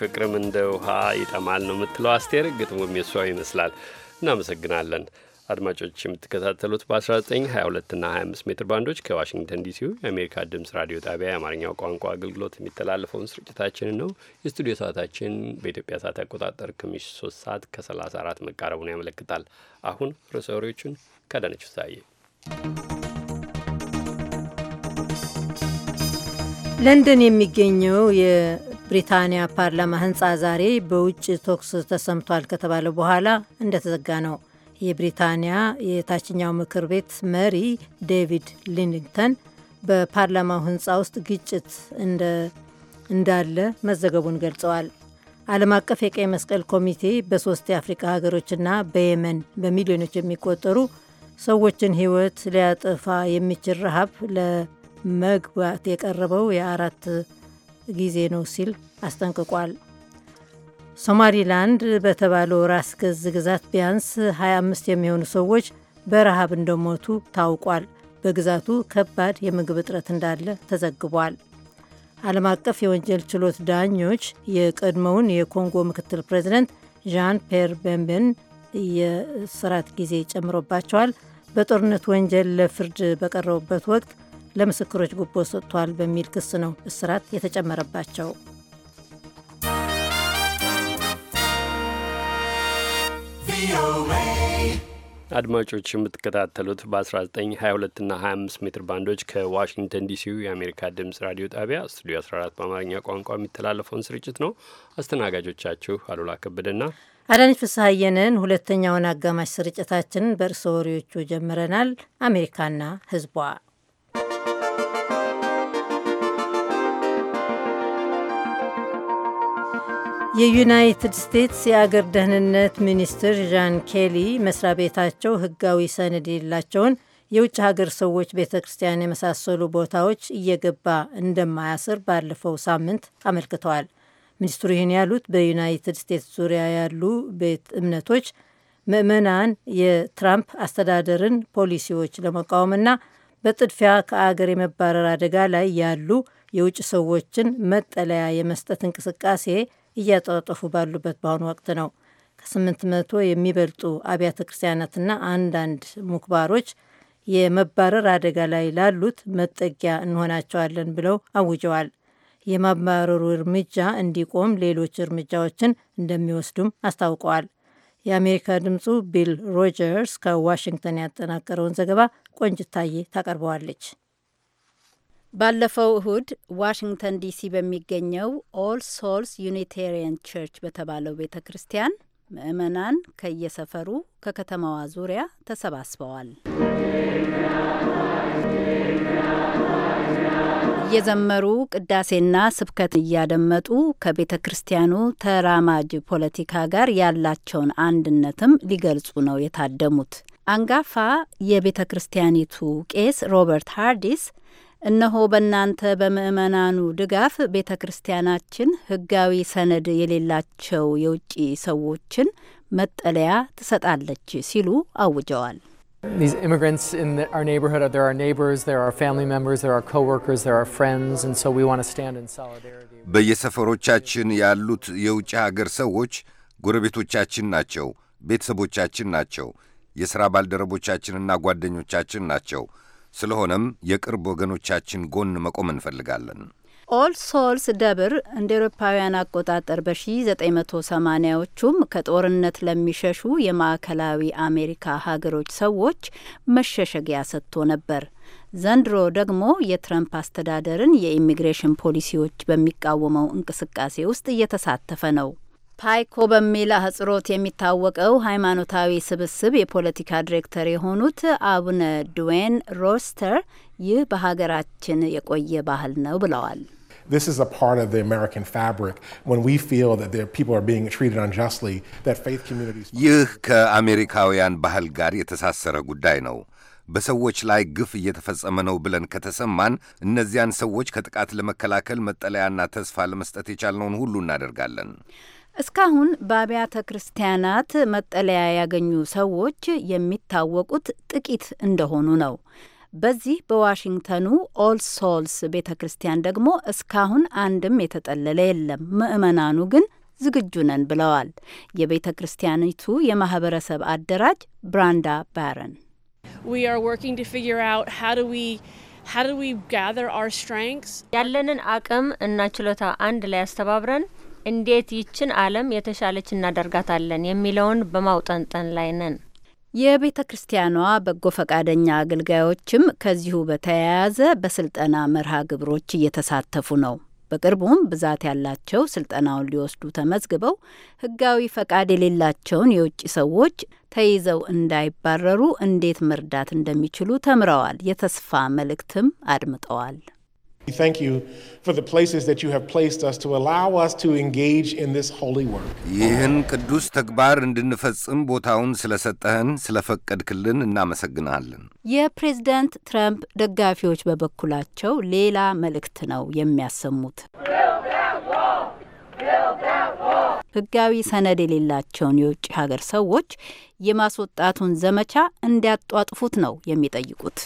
ፍቅርም እንደ ውሃ ይጠማል ነው የምትለው አስቴር። ግጥሙም የሷ ይመስላል። እናመሰግናለን። አድማጮች የምትከታተሉት በ1922 እና 25 ሜትር ባንዶች ከዋሽንግተን ዲሲው የአሜሪካ ድምፅ ራዲዮ ጣቢያ የአማርኛው ቋንቋ አገልግሎት የሚተላለፈውን ስርጭታችን ነው። የስቱዲዮ ሰዓታችን በኢትዮጵያ ሰዓት አቆጣጠር ከምሽቱ 3 ሰዓት ከ34 መቃረቡን ያመለክታል። አሁን ርዕሰ ወሬዎቹን ከዳነች ሳየ ለንደን የሚገኘው ብሪታንያ ፓርላማ ህንፃ ዛሬ በውጭ ተኩስ ተሰምቷል ከተባለ በኋላ እንደተዘጋ ነው። የብሪታንያ የታችኛው ምክር ቤት መሪ ዴቪድ ሊንግተን በፓርላማው ህንፃ ውስጥ ግጭት እንዳለ መዘገቡን ገልጸዋል። ዓለም አቀፍ የቀይ መስቀል ኮሚቴ በሶስት የአፍሪካ ሀገሮችና በየመን በሚሊዮኖች የሚቆጠሩ ሰዎችን ህይወት ሊያጠፋ የሚችል ረሃብ ለመግባት የቀረበው የአራት ጊዜ ነው ሲል አስጠንቅቋል። ሶማሊላንድ በተባለው ራስ ገዝ ግዛት ቢያንስ 25 የሚሆኑ ሰዎች በረሃብ እንደሞቱ ታውቋል። በግዛቱ ከባድ የምግብ እጥረት እንዳለ ተዘግቧል። ዓለም አቀፍ የወንጀል ችሎት ዳኞች የቀድሞውን የኮንጎ ምክትል ፕሬዚደንት ዣን ፔር ቤምቤን የእስራት ጊዜ ጨምሮባቸዋል። በጦርነት ወንጀል ለፍርድ በቀረቡበት ወቅት ለምስክሮች ጉቦ ሰጥቷል በሚል ክስ ነው እስራት የተጨመረባቸው። አድማጮች የምትከታተሉት በ1922 እና 25 ሜትር ባንዶች ከዋሽንግተን ዲሲው የአሜሪካ ድምፅ ራዲዮ ጣቢያ ስቱዲዮ 14 በአማርኛ ቋንቋ የሚተላለፈውን ስርጭት ነው። አስተናጋጆቻችሁ አሉላ ከበደና አዳነች ፍስሐየንን። ሁለተኛውን አጋማሽ ስርጭታችንን በርዕሰ ወሬዎቹ ጀምረናል። አሜሪካና ህዝቧ የዩናይትድ ስቴትስ የአገር ደህንነት ሚኒስትር ዣን ኬሊ መስሪያ ቤታቸው ህጋዊ ሰነድ የሌላቸውን የውጭ ሀገር ሰዎች ቤተ ክርስቲያን የመሳሰሉ ቦታዎች እየገባ እንደማያስር ባለፈው ሳምንት አመልክተዋል። ሚኒስትሩ ይህን ያሉት በዩናይትድ ስቴትስ ዙሪያ ያሉ ቤት እምነቶች ምዕመናን የትራምፕ አስተዳደርን ፖሊሲዎች ለመቃወምና በጥድፊያ ከአገር የመባረር አደጋ ላይ ያሉ የውጭ ሰዎችን መጠለያ የመስጠት እንቅስቃሴ እያጠጠፉ ባሉበት በአሁኑ ወቅት ነው። ከስምንት መቶ የሚበልጡ አብያተ ክርስቲያናትና አንዳንድ ሙክባሮች የመባረር አደጋ ላይ ላሉት መጠጊያ እንሆናቸዋለን ብለው አውጀዋል። የማባረሩ እርምጃ እንዲቆም ሌሎች እርምጃዎችን እንደሚወስዱም አስታውቀዋል። የአሜሪካ ድምጹ ቢል ሮጀርስ ከዋሽንግተን ያጠናቀረውን ዘገባ ቆንጅታዬ ታቀርበዋለች። ባለፈው እሁድ ዋሽንግተን ዲሲ በሚገኘው ኦል ሶልስ ዩኒቴሪያን ቸርች በተባለው ቤተ ክርስቲያን ምዕመናን ከየሰፈሩ ከከተማዋ ዙሪያ ተሰባስበዋል። እየዘመሩ ቅዳሴና ስብከት እያደመጡ ከቤተ ክርስቲያኑ ተራማጅ ፖለቲካ ጋር ያላቸውን አንድነትም ሊገልጹ ነው የታደሙት። አንጋፋ የቤተ ክርስቲያኒቱ ቄስ ሮበርት ሃርዲስ እነሆ በእናንተ በምእመናኑ ድጋፍ ቤተ ክርስቲያናችን ሕጋዊ ሰነድ የሌላቸው የውጭ ሰዎችን መጠለያ ትሰጣለች ሲሉ አውጀዋል። በየሰፈሮቻችን ያሉት የውጭ ሀገር ሰዎች ጎረቤቶቻችን ናቸው፣ ቤተሰቦቻችን ናቸው፣ የሥራ ባልደረቦቻችንና ጓደኞቻችን ናቸው። ስለሆነም የቅርብ ወገኖቻችን ጎን መቆም እንፈልጋለን። ኦል ሶልስ ደብር እንደ ኤሮፓውያን አቆጣጠር በ1980ዎቹም ከጦርነት ለሚሸሹ የማዕከላዊ አሜሪካ ሀገሮች ሰዎች መሸሸጊያ ሰጥቶ ነበር። ዘንድሮ ደግሞ የትረምፕ አስተዳደርን የኢሚግሬሽን ፖሊሲዎች በሚቃወመው እንቅስቃሴ ውስጥ እየተሳተፈ ነው። ፓይኮ በሚል አህጽሮት የሚታወቀው ሃይማኖታዊ ስብስብ የፖለቲካ ዲሬክተር የሆኑት አቡነ ድዌን ሮስተር ይህ በሀገራችን የቆየ ባህል ነው ብለዋል። ይህ ከአሜሪካውያን ባህል ጋር የተሳሰረ ጉዳይ ነው። በሰዎች ላይ ግፍ እየተፈጸመ ነው ብለን ከተሰማን እነዚያን ሰዎች ከጥቃት ለመከላከል መጠለያና ተስፋ ለመስጠት የቻልነውን ሁሉ እናደርጋለን። እስካሁን በአብያተ ክርስቲያናት መጠለያ ያገኙ ሰዎች የሚታወቁት ጥቂት እንደሆኑ ነው። በዚህ በዋሽንግተኑ ኦል ሶልስ ቤተ ክርስቲያን ደግሞ እስካሁን አንድም የተጠለለ የለም። ምዕመናኑ ግን ዝግጁ ነን ብለዋል። የቤተ ክርስቲያኒቱ የማህበረሰብ አደራጅ ብራንዳ ባረን ያለንን አቅም እና ችሎታ አንድ ላይ አስተባብረን እንዴት ይችን ዓለም የተሻለች እናደርጋታለን የሚለውን በማውጠንጠን ላይ ነን። የቤተ ክርስቲያኗ በጎ ፈቃደኛ አገልጋዮችም ከዚሁ በተያያዘ በስልጠና መርሃ ግብሮች እየተሳተፉ ነው። በቅርቡም ብዛት ያላቸው ስልጠናውን ሊወስዱ ተመዝግበው ሕጋዊ ፈቃድ የሌላቸውን የውጭ ሰዎች ተይዘው እንዳይባረሩ እንዴት መርዳት እንደሚችሉ ተምረዋል። የተስፋ መልእክትም አድምጠዋል። We thank you for the places that you have placed us to allow us to engage in this holy work. ይህን ቅዱስ ተግባር እንድንፈጽም ቦታውን ስለሰጠህን ስለፈቀድክልን እናመሰግናለን። የፕሬዝደንት ትራምፕ ደጋፊዎች በበኩላቸው ሌላ መልእክት ነው የሚያሰሙት። ህጋዊ ሰነድ የሌላቸውን የውጭ ሀገር ሰዎች የማስወጣቱን ዘመቻ እንዲያጧጥፉት ነው የሚጠይቁት።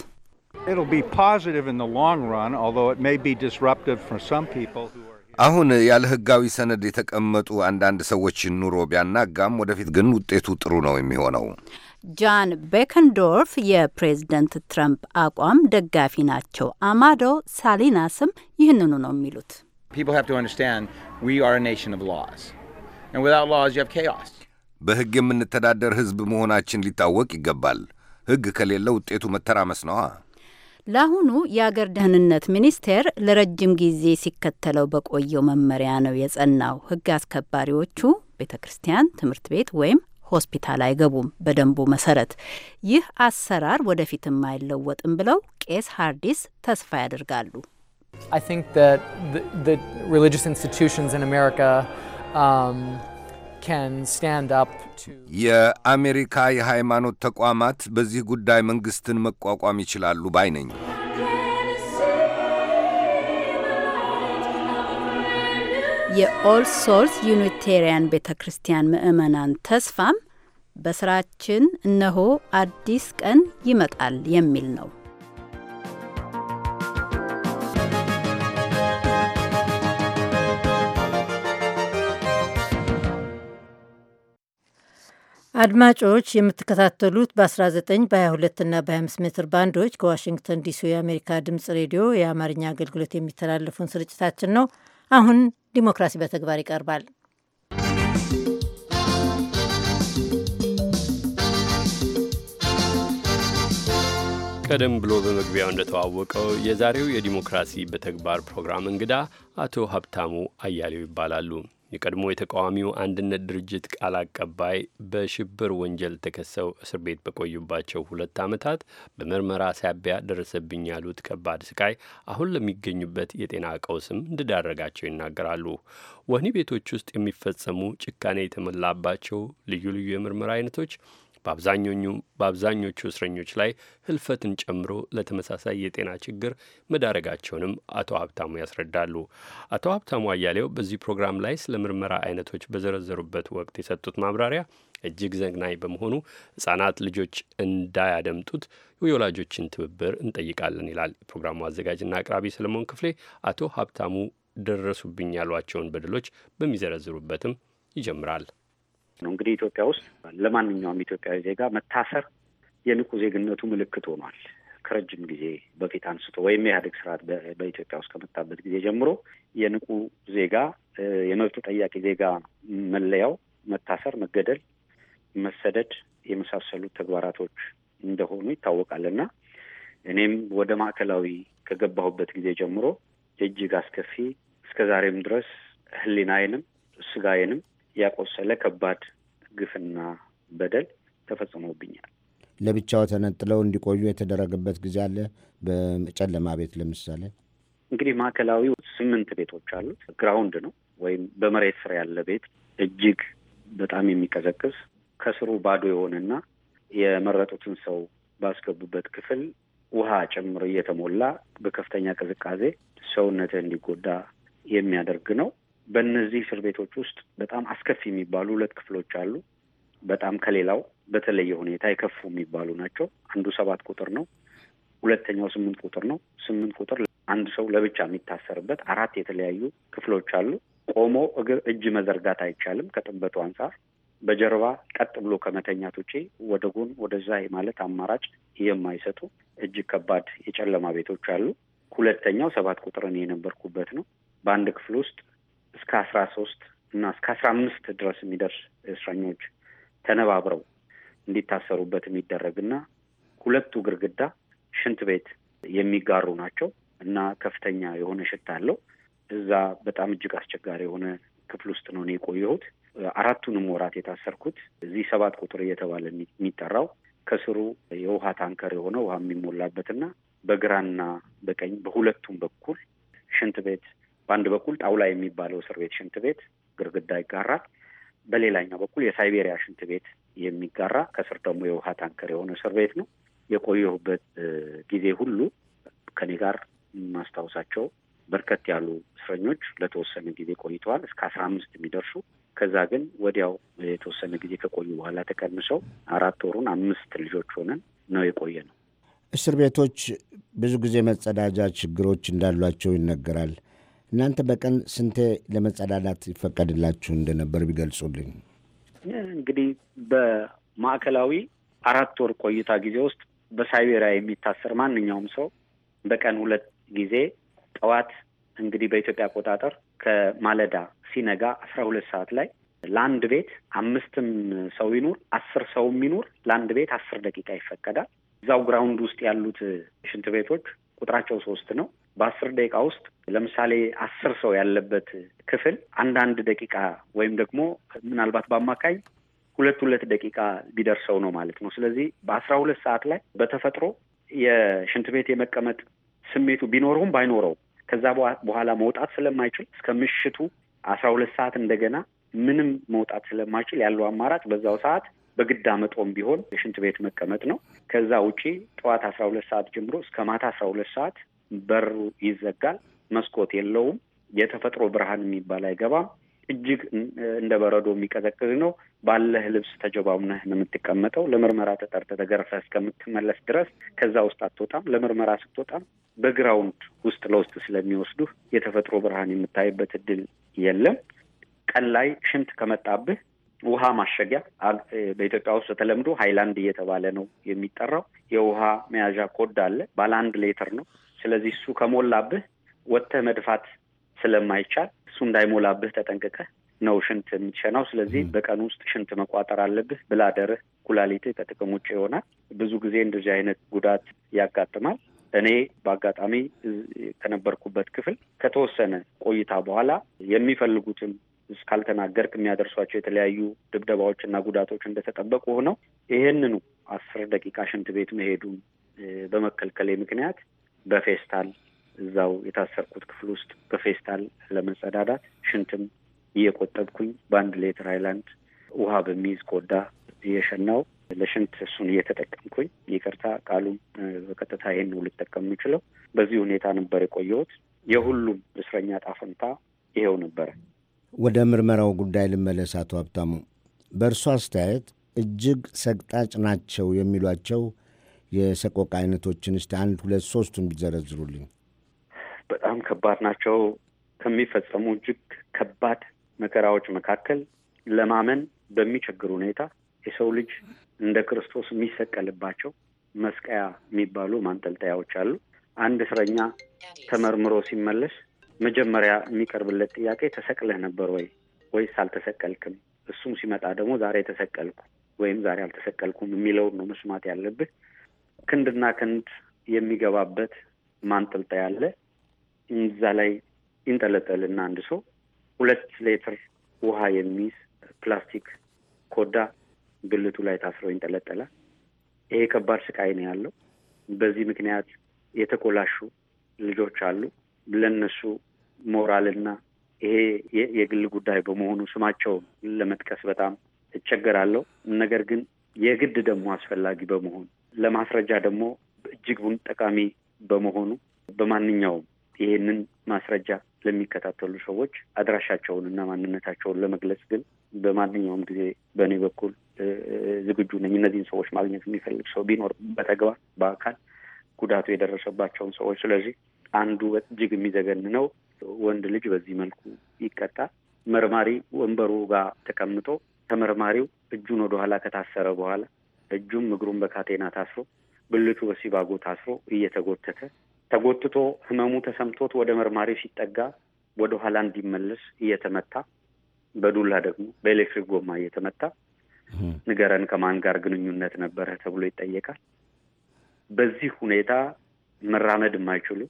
አሁን ያለ ሕጋዊ ሰነድ የተቀመጡ አንዳንድ ሰዎችን ኑሮ ቢያናጋም ወደፊት ግን ውጤቱ ጥሩ ነው የሚሆነው። ጃን ቤከንዶርፍ የፕሬዝደንት ትራምፕ አቋም ደጋፊ ናቸው። አማዶ ሳሊናስም ይህንኑ ነው የሚሉት። በሕግ የምንተዳደር ሕዝብ መሆናችን ሊታወቅ ይገባል። ሕግ ከሌለ ውጤቱ መተራመስ ነዋ። ለአሁኑ የአገር ደህንነት ሚኒስቴር ለረጅም ጊዜ ሲከተለው በቆየው መመሪያ ነው የጸናው። ህግ አስከባሪዎቹ ቤተ ክርስቲያን፣ ትምህርት ቤት ወይም ሆስፒታል አይገቡም በደንቡ መሰረት። ይህ አሰራር ወደፊትም አይለወጥም ብለው ቄስ ሀርዲስ ተስፋ ያደርጋሉ። I think that the, the religious institutions in America um, የአሜሪካ የሃይማኖት ተቋማት በዚህ ጉዳይ መንግሥትን መቋቋም ይችላሉ ባይ ነኝ። የኦል ሶልስ ዩኒቴሪያን ቤተ ክርስቲያን ምዕመናን ተስፋም በስራችን እነሆ አዲስ ቀን ይመጣል የሚል ነው። አድማጮች የምትከታተሉት በ19 በ22 እና በ25 ሜትር ባንዶች ከዋሽንግተን ዲሲ የአሜሪካ ድምጽ ሬዲዮ የአማርኛ አገልግሎት የሚተላለፉን ስርጭታችን ነው። አሁን ዲሞክራሲ በተግባር ይቀርባል። ቀደም ብሎ በመግቢያው እንደተዋወቀው የዛሬው የዲሞክራሲ በተግባር ፕሮግራም እንግዳ አቶ ሀብታሙ አያሌው ይባላሉ። የቀድሞ የተቃዋሚው አንድነት ድርጅት ቃል አቀባይ በሽብር ወንጀል ተከሰው እስር ቤት በቆዩባቸው ሁለት ዓመታት በምርመራ ሳቢያ ደረሰብኝ ያሉት ከባድ ስቃይ አሁን ለሚገኙበት የጤና ቀውስም እንዲዳረጋቸው ይናገራሉ። ወህኒ ቤቶች ውስጥ የሚፈጸሙ ጭካኔ የተሞላባቸው ልዩ ልዩ የምርመራ አይነቶች በአብዛኞቹ እስረኞች ላይ ህልፈትን ጨምሮ ለተመሳሳይ የጤና ችግር መዳረጋቸውንም አቶ ሀብታሙ ያስረዳሉ። አቶ ሀብታሙ አያሌው በዚህ ፕሮግራም ላይ ስለ ምርመራ አይነቶች በዘረዘሩበት ወቅት የሰጡት ማብራሪያ እጅግ ዘግናኝ በመሆኑ ህጻናት ልጆች እንዳያደምጡት የወላጆችን ትብብር እንጠይቃለን ይላል የፕሮግራሙ አዘጋጅና አቅራቢ ሰለሞን ክፍሌ። አቶ ሀብታሙ ደረሱብኝ ያሏቸውን በደሎች በሚዘረዝሩበትም ይጀምራል። ነው። እንግዲህ ኢትዮጵያ ውስጥ ለማንኛውም ኢትዮጵያዊ ዜጋ መታሰር የንቁ ዜግነቱ ምልክት ሆኗል። ከረጅም ጊዜ በፊት አንስቶ ወይም የኢህአዴግ ስርዓት በኢትዮጵያ ውስጥ ከመጣበት ጊዜ ጀምሮ የንቁ ዜጋ የመብት ጠያቂ ዜጋ መለያው መታሰር፣ መገደል፣ መሰደድ የመሳሰሉት ተግባራቶች እንደሆኑ ይታወቃል እና እኔም ወደ ማዕከላዊ ከገባሁበት ጊዜ ጀምሮ እጅግ አስከፊ እስከ ዛሬም ድረስ ሕሊናዬንም ስጋዬንም ያቆሰለ ከባድ ግፍና በደል ተፈጽሞብኛል። ለብቻው ተነጥለው እንዲቆዩ የተደረገበት ጊዜ አለ። በጨለማ ቤት ለምሳሌ እንግዲህ ማዕከላዊ ስምንት ቤቶች አሉት። ግራውንድ ነው ወይም በመሬት ስር ያለ ቤት እጅግ በጣም የሚቀዘቅዝ ከስሩ ባዶ የሆነና የመረጡትን ሰው ባስገቡበት ክፍል ውሃ ጭምር እየተሞላ በከፍተኛ ቅዝቃዜ ሰውነትህ እንዲጎዳ የሚያደርግ ነው። በእነዚህ እስር ቤቶች ውስጥ በጣም አስከፊ የሚባሉ ሁለት ክፍሎች አሉ። በጣም ከሌላው በተለየ ሁኔታ የከፉ የሚባሉ ናቸው። አንዱ ሰባት ቁጥር ነው። ሁለተኛው ስምንት ቁጥር ነው። ስምንት ቁጥር አንድ ሰው ለብቻ የሚታሰርበት አራት የተለያዩ ክፍሎች አሉ። ቆሞ እግር እጅ መዘርጋት አይቻልም ከጥበቱ አንጻር በጀርባ ቀጥ ብሎ ከመተኛት ውጪ ወደ ጎን ወደዛ ማለት አማራጭ የማይሰጡ እጅግ ከባድ የጨለማ ቤቶች አሉ። ሁለተኛው ሰባት ቁጥርን የነበርኩበት ነው። በአንድ ክፍል ውስጥ እስከ አስራ ሶስት እና እስከ አስራ አምስት ድረስ የሚደርስ እስረኞች ተነባብረው እንዲታሰሩበት የሚደረግና ሁለቱ ግርግዳ ሽንት ቤት የሚጋሩ ናቸው እና ከፍተኛ የሆነ ሽታ አለው። እዛ በጣም እጅግ አስቸጋሪ የሆነ ክፍል ውስጥ ነው እኔ የቆየሁት። አራቱንም ወራት የታሰርኩት እዚህ ሰባት ቁጥር እየተባለ የሚጠራው ከስሩ የውሃ ታንከር የሆነ ውሃ የሚሞላበትና በግራና በቀኝ በሁለቱም በኩል ሽንት ቤት በአንድ በኩል ጣውላ የሚባለው እስር ቤት ሽንት ቤት ግርግዳ ይጋራል። በሌላኛው በኩል የሳይቤሪያ ሽንት ቤት የሚጋራ ከስር ደግሞ የውሃ ታንከር የሆነ እስር ቤት ነው። የቆየሁበት ጊዜ ሁሉ ከኔ ጋር የማስታውሳቸው በርከት ያሉ እስረኞች ለተወሰነ ጊዜ ቆይተዋል፣ እስከ አስራ አምስት የሚደርሱ ከዛ ግን ወዲያው የተወሰነ ጊዜ ከቆዩ በኋላ ተቀንሰው አራት ወሩን አምስት ልጆች ሆነን ነው የቆየ ነው። እስር ቤቶች ብዙ ጊዜ መጸዳጃ ችግሮች እንዳሏቸው ይነገራል። እናንተ በቀን ስንቴ ለመጸዳዳት ይፈቀድላችሁ እንደነበር ቢገልጹልኝ። እንግዲህ በማዕከላዊ አራት ወር ቆይታ ጊዜ ውስጥ በሳይቤሪያ የሚታሰር ማንኛውም ሰው በቀን ሁለት ጊዜ ጠዋት እንግዲህ በኢትዮጵያ አቆጣጠር ከማለዳ ሲነጋ አስራ ሁለት ሰዓት ላይ ለአንድ ቤት አምስትም ሰው ይኑር አስር ሰውም ይኑር ለአንድ ቤት አስር ደቂቃ ይፈቀዳል። እዛው ግራውንድ ውስጥ ያሉት ሽንት ቤቶች ቁጥራቸው ሶስት ነው። በአስር ደቂቃ ውስጥ ለምሳሌ አስር ሰው ያለበት ክፍል አንዳንድ ደቂቃ ወይም ደግሞ ምናልባት በአማካይ ሁለት ሁለት ደቂቃ ቢደርሰው ነው ማለት ነው። ስለዚህ በአስራ ሁለት ሰዓት ላይ በተፈጥሮ የሽንት ቤት የመቀመጥ ስሜቱ ቢኖረውም ባይኖረውም ከዛ በኋላ መውጣት ስለማይችል እስከ ምሽቱ አስራ ሁለት ሰዓት እንደገና ምንም መውጣት ስለማይችል ያለው አማራጭ በዛው ሰዓት በግድ አመጦም ቢሆን የሽንት ቤት መቀመጥ ነው። ከዛ ውጪ ጠዋት አስራ ሁለት ሰዓት ጀምሮ እስከ ማታ አስራ ሁለት ሰዓት በሩ ይዘጋል፣ መስኮት የለውም፣ የተፈጥሮ ብርሃን የሚባል አይገባም። እጅግ እንደ በረዶ የሚቀዘቅዝ ነው። ባለህ ልብስ ተጀባብነህ ነው የምትቀመጠው። ለምርመራ ተጠርተህ ተገርፈህ እስከምትመለስ ድረስ ከዛ ውስጥ አትወጣም። ለምርመራ ስትወጣም በግራውንድ ውስጥ ለውስጥ ስለሚወስዱህ የተፈጥሮ ብርሃን የምታይበት እድል የለም። ቀን ላይ ሽንት ከመጣብህ ውሃ ማሸጊያ በኢትዮጵያ ውስጥ ተለምዶ ሀይላንድ እየተባለ ነው የሚጠራው። የውሃ መያዣ ኮዳ አለ። ባለ አንድ ሌተር ነው። ስለዚህ እሱ ከሞላብህ ወጥተህ መድፋት ስለማይቻል እሱ እንዳይሞላብህ ተጠንቅቀህ ነው ሽንት የምትሸናው። ስለዚህ በቀን ውስጥ ሽንት መቋጠር አለብህ። ብላደርህ፣ ኩላሊትህ ከጥቅም ውጭ ይሆናል። ብዙ ጊዜ እንደዚህ አይነት ጉዳት ያጋጥማል። እኔ በአጋጣሚ ከነበርኩበት ክፍል ከተወሰነ ቆይታ በኋላ የሚፈልጉትን እስካልተናገርክ የሚያደርሷቸው የተለያዩ ድብደባዎችና ጉዳቶች እንደተጠበቁ ሆነው ይህንኑ አስር ደቂቃ ሽንት ቤት መሄዱን በመከልከሌ ምክንያት በፌስታል እዛው የታሰርኩት ክፍል ውስጥ በፌስታል ለመጸዳዳት ሽንትም እየቆጠብኩኝ በአንድ ሌትር ሃይላንድ ውሃ በሚይዝ ቆዳ እየሸናው ለሽንት እሱን እየተጠቀምኩኝ ይቅርታ ቃሉም በቀጥታ ይሄን ነው ልጠቀም የምችለው። በዚህ ሁኔታ ነበር የቆየሁት። የሁሉም እስረኛ ጣፈንታ ይሄው ነበረ። ወደ ምርመራው ጉዳይ ልመለስ። አቶ ሀብታሙ፣ በእርሶ አስተያየት እጅግ ሰቅጣጭ ናቸው የሚሏቸው የሰቆቃ አይነቶችን እስቲ አንድ ሁለት ሶስቱን ቢዘረዝሩልኝ። በጣም ከባድ ናቸው። ከሚፈጸሙ እጅግ ከባድ መከራዎች መካከል ለማመን በሚቸግር ሁኔታ የሰው ልጅ እንደ ክርስቶስ የሚሰቀልባቸው መስቀያ የሚባሉ ማንጠልጠያዎች አሉ። አንድ እስረኛ ተመርምሮ ሲመለስ መጀመሪያ የሚቀርብለት ጥያቄ ተሰቅለህ ነበር ወይ ወይስ አልተሰቀልክም? እሱም ሲመጣ ደግሞ ዛሬ ተሰቀልኩ ወይም ዛሬ አልተሰቀልኩም የሚለውን ነው መስማት ያለብህ። ክንድና ክንድ የሚገባበት ማንጠልጠ ያለ እዛ ላይ ይንጠለጠልና አንድ ሰው ሁለት ሌትር ውሃ የሚይዝ ፕላስቲክ ኮዳ ብልቱ ላይ ታስሮ ይንጠለጠላል። ይሄ ከባድ ስቃይ ነው ያለው። በዚህ ምክንያት የተኮላሹ ልጆች አሉ። ለነሱ ሞራልና ይሄ የግል ጉዳይ በመሆኑ ስማቸውን ለመጥቀስ በጣም እቸገራለሁ። ነገር ግን የግድ ደግሞ አስፈላጊ በመሆኑ ለማስረጃ ደግሞ እጅግ ቡን ጠቃሚ በመሆኑ በማንኛውም ይሄንን ማስረጃ ለሚከታተሉ ሰዎች አድራሻቸውን እና ማንነታቸውን ለመግለጽ ግን በማንኛውም ጊዜ በእኔ በኩል ዝግጁ ነኝ። እነዚህን ሰዎች ማግኘት የሚፈልግ ሰው ቢኖር በተግባር በአካል ጉዳቱ የደረሰባቸውን ሰዎች። ስለዚህ አንዱ እጅግ የሚዘገን ነው ወንድ ልጅ በዚህ መልኩ ይቀጣል። መርማሪ ወንበሩ ጋር ተቀምጦ ተመርማሪው እጁን ወደኋላ ከታሰረ በኋላ እጁም እግሩን በካቴና ታስሮ ብልቱ በሲባጎ ታስሮ እየተጎተተ ተጎትቶ ህመሙ ተሰምቶት ወደ መርማሪው ሲጠጋ ወደ ኋላ እንዲመለስ እየተመታ በዱላ ደግሞ በኤሌክትሪክ ጎማ እየተመታ ንገረን ከማን ጋር ግንኙነት ነበረ ተብሎ ይጠየቃል። በዚህ ሁኔታ መራመድ የማይችሉ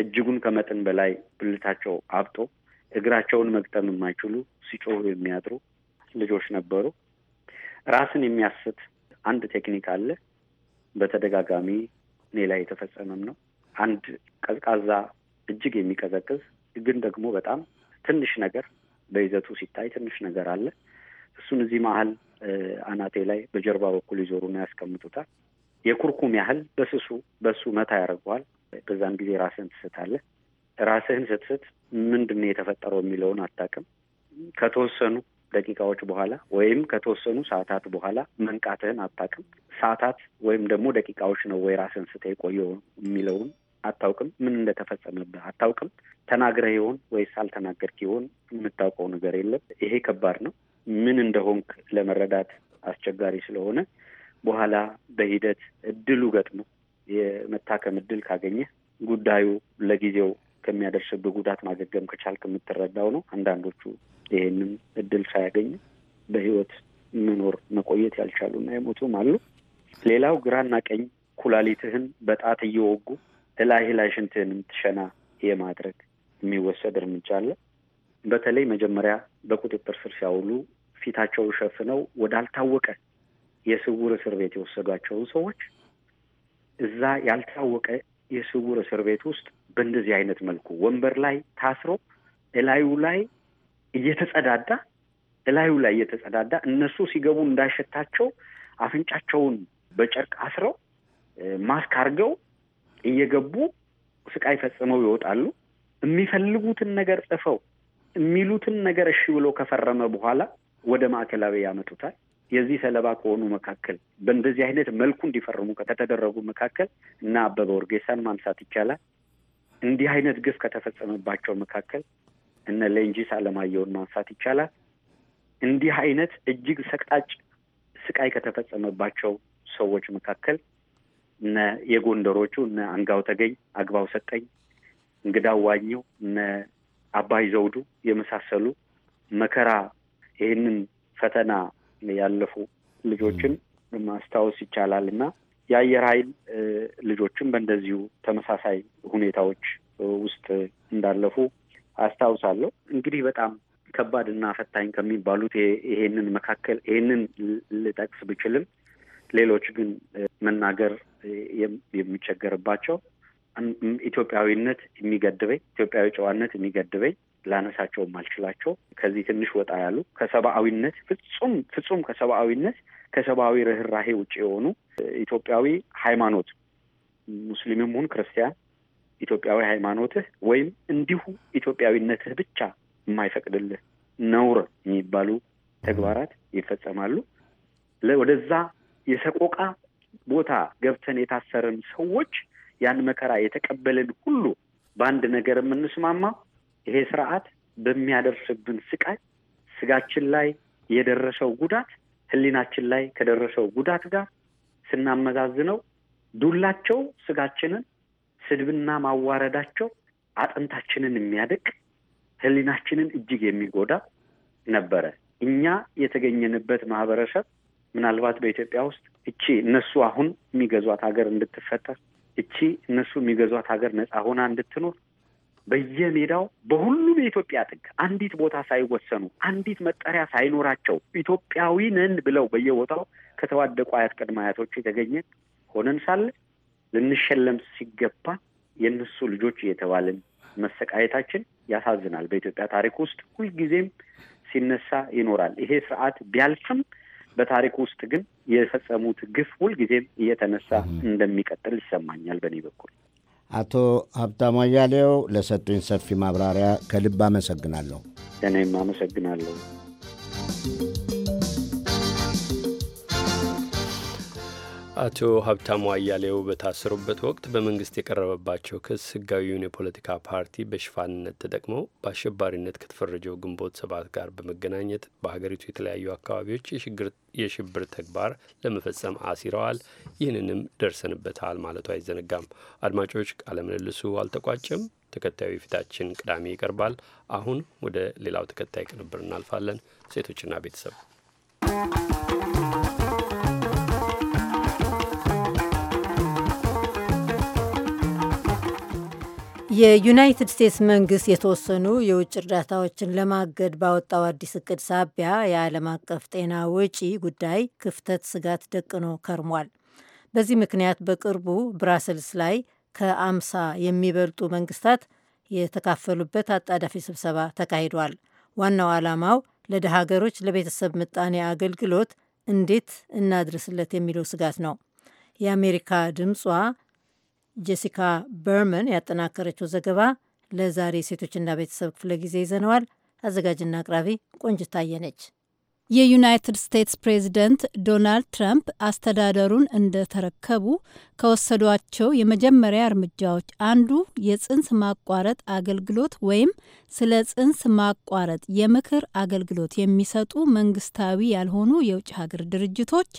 እጅጉን ከመጠን በላይ ብልታቸው አብጦ እግራቸውን መግጠም የማይችሉ ሲጮሁ የሚያድሩ ልጆች ነበሩ። ራስን የሚያስት አንድ ቴክኒክ አለ። በተደጋጋሚ እኔ ላይ የተፈጸመም ነው። አንድ ቀዝቃዛ እጅግ የሚቀዘቅዝ ግን ደግሞ በጣም ትንሽ ነገር በይዘቱ ሲታይ ትንሽ ነገር አለ። እሱን እዚህ መሀል አናቴ ላይ በጀርባ በኩል ይዞሩና ያስቀምጡታል። የኩርኩም ያህል በስሱ በሱ መታ ያደርገዋል። በዛን ጊዜ ራስህን ትስታለህ። ራስህን ስትስት ምንድን ነው የተፈጠረው የሚለውን አታውቅም። ከተወሰኑ ደቂቃዎች በኋላ ወይም ከተወሰኑ ሰዓታት በኋላ መንቃትህን አታውቅም። ሰዓታት ወይም ደግሞ ደቂቃዎች ነው ወይ ራስህን ስተህ የቆየው የሚለውን አታውቅም። ምን እንደተፈጸመብህ አታውቅም። ተናግረህ ይሆን ወይስ አልተናገርክ ይሆን የምታውቀው ነገር የለም። ይሄ ከባድ ነው። ምን እንደሆንክ ለመረዳት አስቸጋሪ ስለሆነ በኋላ በሂደት እድሉ ገጥሞ የመታከም እድል ካገኘ ጉዳዩ ለጊዜው ከሚያደርስብህ ጉዳት ማገገም ከቻልክ የምትረዳው ነው። አንዳንዶቹ ይህንን እድል ሳያገኝ በህይወት መኖር መቆየት ያልቻሉና የሞቱም አሉ። ሌላው ግራና ቀኝ ኩላሊትህን በጣት እየወጉ እላይ ላይ ሽንትህን የምትሸና የማድረግ የሚወሰድ እርምጃ አለ። በተለይ መጀመሪያ በቁጥጥር ስር ሲያውሉ ፊታቸው ሸፍነው ወዳልታወቀ የስውር እስር ቤት የወሰዷቸውን ሰዎች እዛ ያልታወቀ የስውር እስር ቤት ውስጥ በእንደዚህ አይነት መልኩ ወንበር ላይ ታስሮ እላዩ ላይ እየተጸዳዳ እላዩ ላይ እየተጸዳዳ እነሱ ሲገቡ እንዳይሸታቸው አፍንጫቸውን በጨርቅ አስረው ማስክ አድርገው እየገቡ ስቃይ ፈጽመው ይወጣሉ። የሚፈልጉትን ነገር ጽፈው የሚሉትን ነገር እሺ ብሎ ከፈረመ በኋላ ወደ ማዕከላዊ ያመጡታል። የዚህ ሰለባ ከሆኑ መካከል በእንደዚህ አይነት መልኩ እንዲፈርሙ ከተደረጉ መካከል እና አበበ ወርጌሳን ማንሳት ይቻላል። እንዲህ አይነት ግፍ ከተፈጸመባቸው መካከል እነ ሌንጂስ አለማየሁን ማንሳት ይቻላል። እንዲህ አይነት እጅግ ሰቅጣጭ ስቃይ ከተፈጸመባቸው ሰዎች መካከል እነ የጎንደሮቹ እነ አንጋው ተገኝ፣ አግባው ሰጠኝ፣ እንግዳው ዋኘው፣ እነ አባይ ዘውዱ የመሳሰሉ መከራ ይህንን ፈተና ያለፉ ልጆችን ማስታወስ ይቻላል እና የአየር ኃይል ልጆችን በእንደዚሁ ተመሳሳይ ሁኔታዎች ውስጥ እንዳለፉ አስታውሳለሁ። እንግዲህ በጣም ከባድና ፈታኝ ከሚባሉት ይሄንን መካከል ይሄንን ልጠቅስ ብችልም ሌሎች ግን መናገር የሚቸገርባቸው ኢትዮጵያዊነት የሚገድበኝ ኢትዮጵያዊ ጨዋነት የሚገድበኝ ላነሳቸውም አልችላቸው ከዚህ ትንሽ ወጣ ያሉ ከሰብአዊነት ፍጹም ፍጹም ከሰብአዊነት ከሰብአዊ ርኅራሄ ውጭ የሆኑ ኢትዮጵያዊ ሃይማኖት ሙስሊምም ሁን ክርስቲያን ኢትዮጵያዊ ሃይማኖትህ ወይም እንዲሁ ኢትዮጵያዊነትህ ብቻ የማይፈቅድልህ ነውር የሚባሉ ተግባራት ይፈጸማሉ። ወደዛ የሰቆቃ ቦታ ገብተን የታሰርን ሰዎች ያን መከራ የተቀበልን ሁሉ በአንድ ነገር የምንስማማ ይሄ ስርዓት በሚያደርስብን ስቃይ ስጋችን ላይ የደረሰው ጉዳት ህሊናችን ላይ ከደረሰው ጉዳት ጋር ስናመዛዝነው ዱላቸው ስጋችንን፣ ስድብና ማዋረዳቸው አጥንታችንን የሚያደቅ ህሊናችንን እጅግ የሚጎዳ ነበረ። እኛ የተገኘንበት ማህበረሰብ ምናልባት በኢትዮጵያ ውስጥ እቺ እነሱ አሁን የሚገዟት ሀገር እንድትፈጠር እቺ እነሱ የሚገዟት ሀገር ነፃ ሆና እንድትኖር በየሜዳው በሁሉም የኢትዮጵያ ጥግ አንዲት ቦታ ሳይወሰኑ አንዲት መጠሪያ ሳይኖራቸው ኢትዮጵያዊ ነን ብለው በየቦታው ከተዋደቁ አያት ቅድመ አያቶች የተገኘ ሆነን ሳለ ልንሸለም ሲገባ የእነሱ ልጆች እየተባልን መሰቃየታችን ያሳዝናል። በኢትዮጵያ ታሪክ ውስጥ ሁልጊዜም ሲነሳ ይኖራል። ይሄ ስርዓት ቢያልፍም በታሪክ ውስጥ ግን የፈጸሙት ግፍ ሁልጊዜም እየተነሳ እንደሚቀጥል ይሰማኛል በእኔ በኩል። አቶ ሀብታሙ አያሌው ለሰጡኝ ሰፊ ማብራሪያ ከልብ አመሰግናለሁ። እኔም አመሰግናለሁ። አቶ ሀብታሙ አያሌው በታሰሩበት ወቅት በመንግስት የቀረበባቸው ክስ ህጋዊውን የፖለቲካ ፓርቲ በሽፋንነት ተጠቅመው በአሸባሪነት ከተፈረጀው ግንቦት ሰባት ጋር በመገናኘት በሀገሪቱ የተለያዩ አካባቢዎች የሽብር ተግባር ለመፈጸም አሲረዋል፣ ይህንንም ደርሰንበታል ማለቱ አይዘነጋም። አድማጮች፣ ቃለምልልሱ አልተቋጨም። ተከታዩ የፊታችን ቅዳሜ ይቀርባል። አሁን ወደ ሌላው ተከታይ ቅንብር እናልፋለን። ሴቶችና ቤተሰብ የዩናይትድ ስቴትስ መንግስት የተወሰኑ የውጭ እርዳታዎችን ለማገድ ባወጣው አዲስ እቅድ ሳቢያ የዓለም አቀፍ ጤና ወጪ ጉዳይ ክፍተት ስጋት ደቅኖ ከርሟል። በዚህ ምክንያት በቅርቡ ብራሰልስ ላይ ከአምሳ የሚበልጡ መንግስታት የተካፈሉበት አጣዳፊ ስብሰባ ተካሂዷል። ዋናው ዓላማው ለደሃ ሀገሮች ለቤተሰብ ምጣኔ አገልግሎት እንዴት እናድርስለት የሚለው ስጋት ነው። የአሜሪካ ድምጿ ጄሲካ በርመን ያጠናከረችው ዘገባ ለዛሬ ሴቶችና ቤተሰብ ክፍለ ጊዜ ይዘነዋል። አዘጋጅና አቅራቢ ቆንጅት ታየ ነች። የዩናይትድ ስቴትስ ፕሬዚደንት ዶናልድ ትራምፕ አስተዳደሩን እንደተረከቡ ከወሰዷቸው የመጀመሪያ እርምጃዎች አንዱ የጽንስ ማቋረጥ አገልግሎት ወይም ስለ ጽንስ ማቋረጥ የምክር አገልግሎት የሚሰጡ መንግስታዊ ያልሆኑ የውጭ ሀገር ድርጅቶች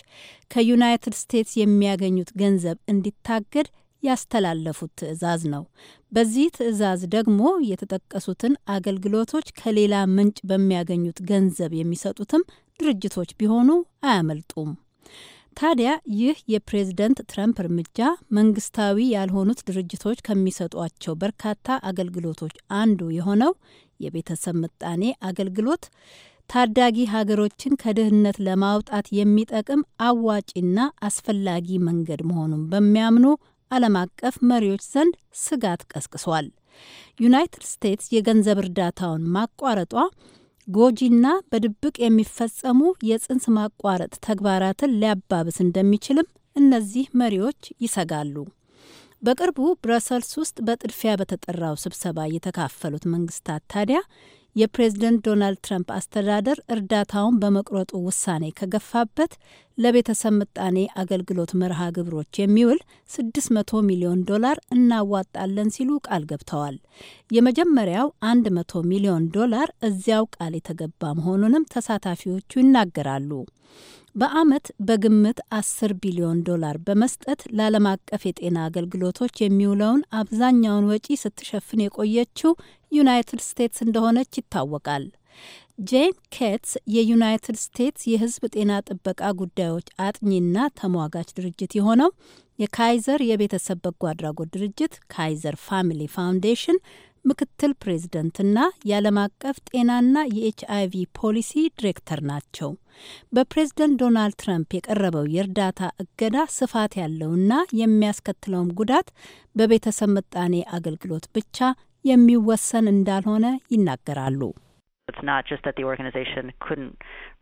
ከዩናይትድ ስቴትስ የሚያገኙት ገንዘብ እንዲታገድ ያስተላለፉት ትዕዛዝ ነው። በዚህ ትዕዛዝ ደግሞ የተጠቀሱትን አገልግሎቶች ከሌላ ምንጭ በሚያገኙት ገንዘብ የሚሰጡትም ድርጅቶች ቢሆኑ አያመልጡም። ታዲያ ይህ የፕሬዝደንት ትረምፕ እርምጃ መንግስታዊ ያልሆኑት ድርጅቶች ከሚሰጧቸው በርካታ አገልግሎቶች አንዱ የሆነው የቤተሰብ ምጣኔ አገልግሎት ታዳጊ ሀገሮችን ከድህነት ለማውጣት የሚጠቅም አዋጪና አስፈላጊ መንገድ መሆኑን በሚያምኑ ዓለም አቀፍ መሪዎች ዘንድ ስጋት ቀስቅሷል። ዩናይትድ ስቴትስ የገንዘብ እርዳታውን ማቋረጧ ጎጂና በድብቅ የሚፈጸሙ የጽንስ ማቋረጥ ተግባራትን ሊያባብስ እንደሚችልም እነዚህ መሪዎች ይሰጋሉ። በቅርቡ ብረሰልስ ውስጥ በጥድፊያ በተጠራው ስብሰባ የተካፈሉት መንግስታት ታዲያ የፕሬዝደንት ዶናልድ ትራምፕ አስተዳደር እርዳታውን በመቁረጡ ውሳኔ ከገፋበት ለቤተሰብ ምጣኔ አገልግሎት መርሃ ግብሮች የሚውል 600 ሚሊዮን ዶላር እናዋጣለን ሲሉ ቃል ገብተዋል። የመጀመሪያው 100 ሚሊዮን ዶላር እዚያው ቃል የተገባ መሆኑንም ተሳታፊዎቹ ይናገራሉ። በአመት በግምት 10 ቢሊዮን ዶላር በመስጠት ለዓለም አቀፍ የጤና አገልግሎቶች የሚውለውን አብዛኛውን ወጪ ስትሸፍን የቆየችው ዩናይትድ ስቴትስ እንደሆነች ይታወቃል። ጄን ኬትስ የዩናይትድ ስቴትስ የሕዝብ ጤና ጥበቃ ጉዳዮች አጥኚና ተሟጋች ድርጅት የሆነው የካይዘር የቤተሰብ በጎ አድራጎት ድርጅት ካይዘር ፋሚሊ ፋውንዴሽን ምክትል ፕሬዝደንትና የዓለም አቀፍ ጤናና የኤች አይቪ ፖሊሲ ዲሬክተር ናቸው። በፕሬዝደንት ዶናልድ ትራምፕ የቀረበው የእርዳታ እገዳ ስፋት ያለውና የሚያስከትለውም ጉዳት በቤተሰብ ምጣኔ አገልግሎት ብቻ የሚወሰን እንዳልሆነ ይናገራሉ። It's not just that the organization couldn't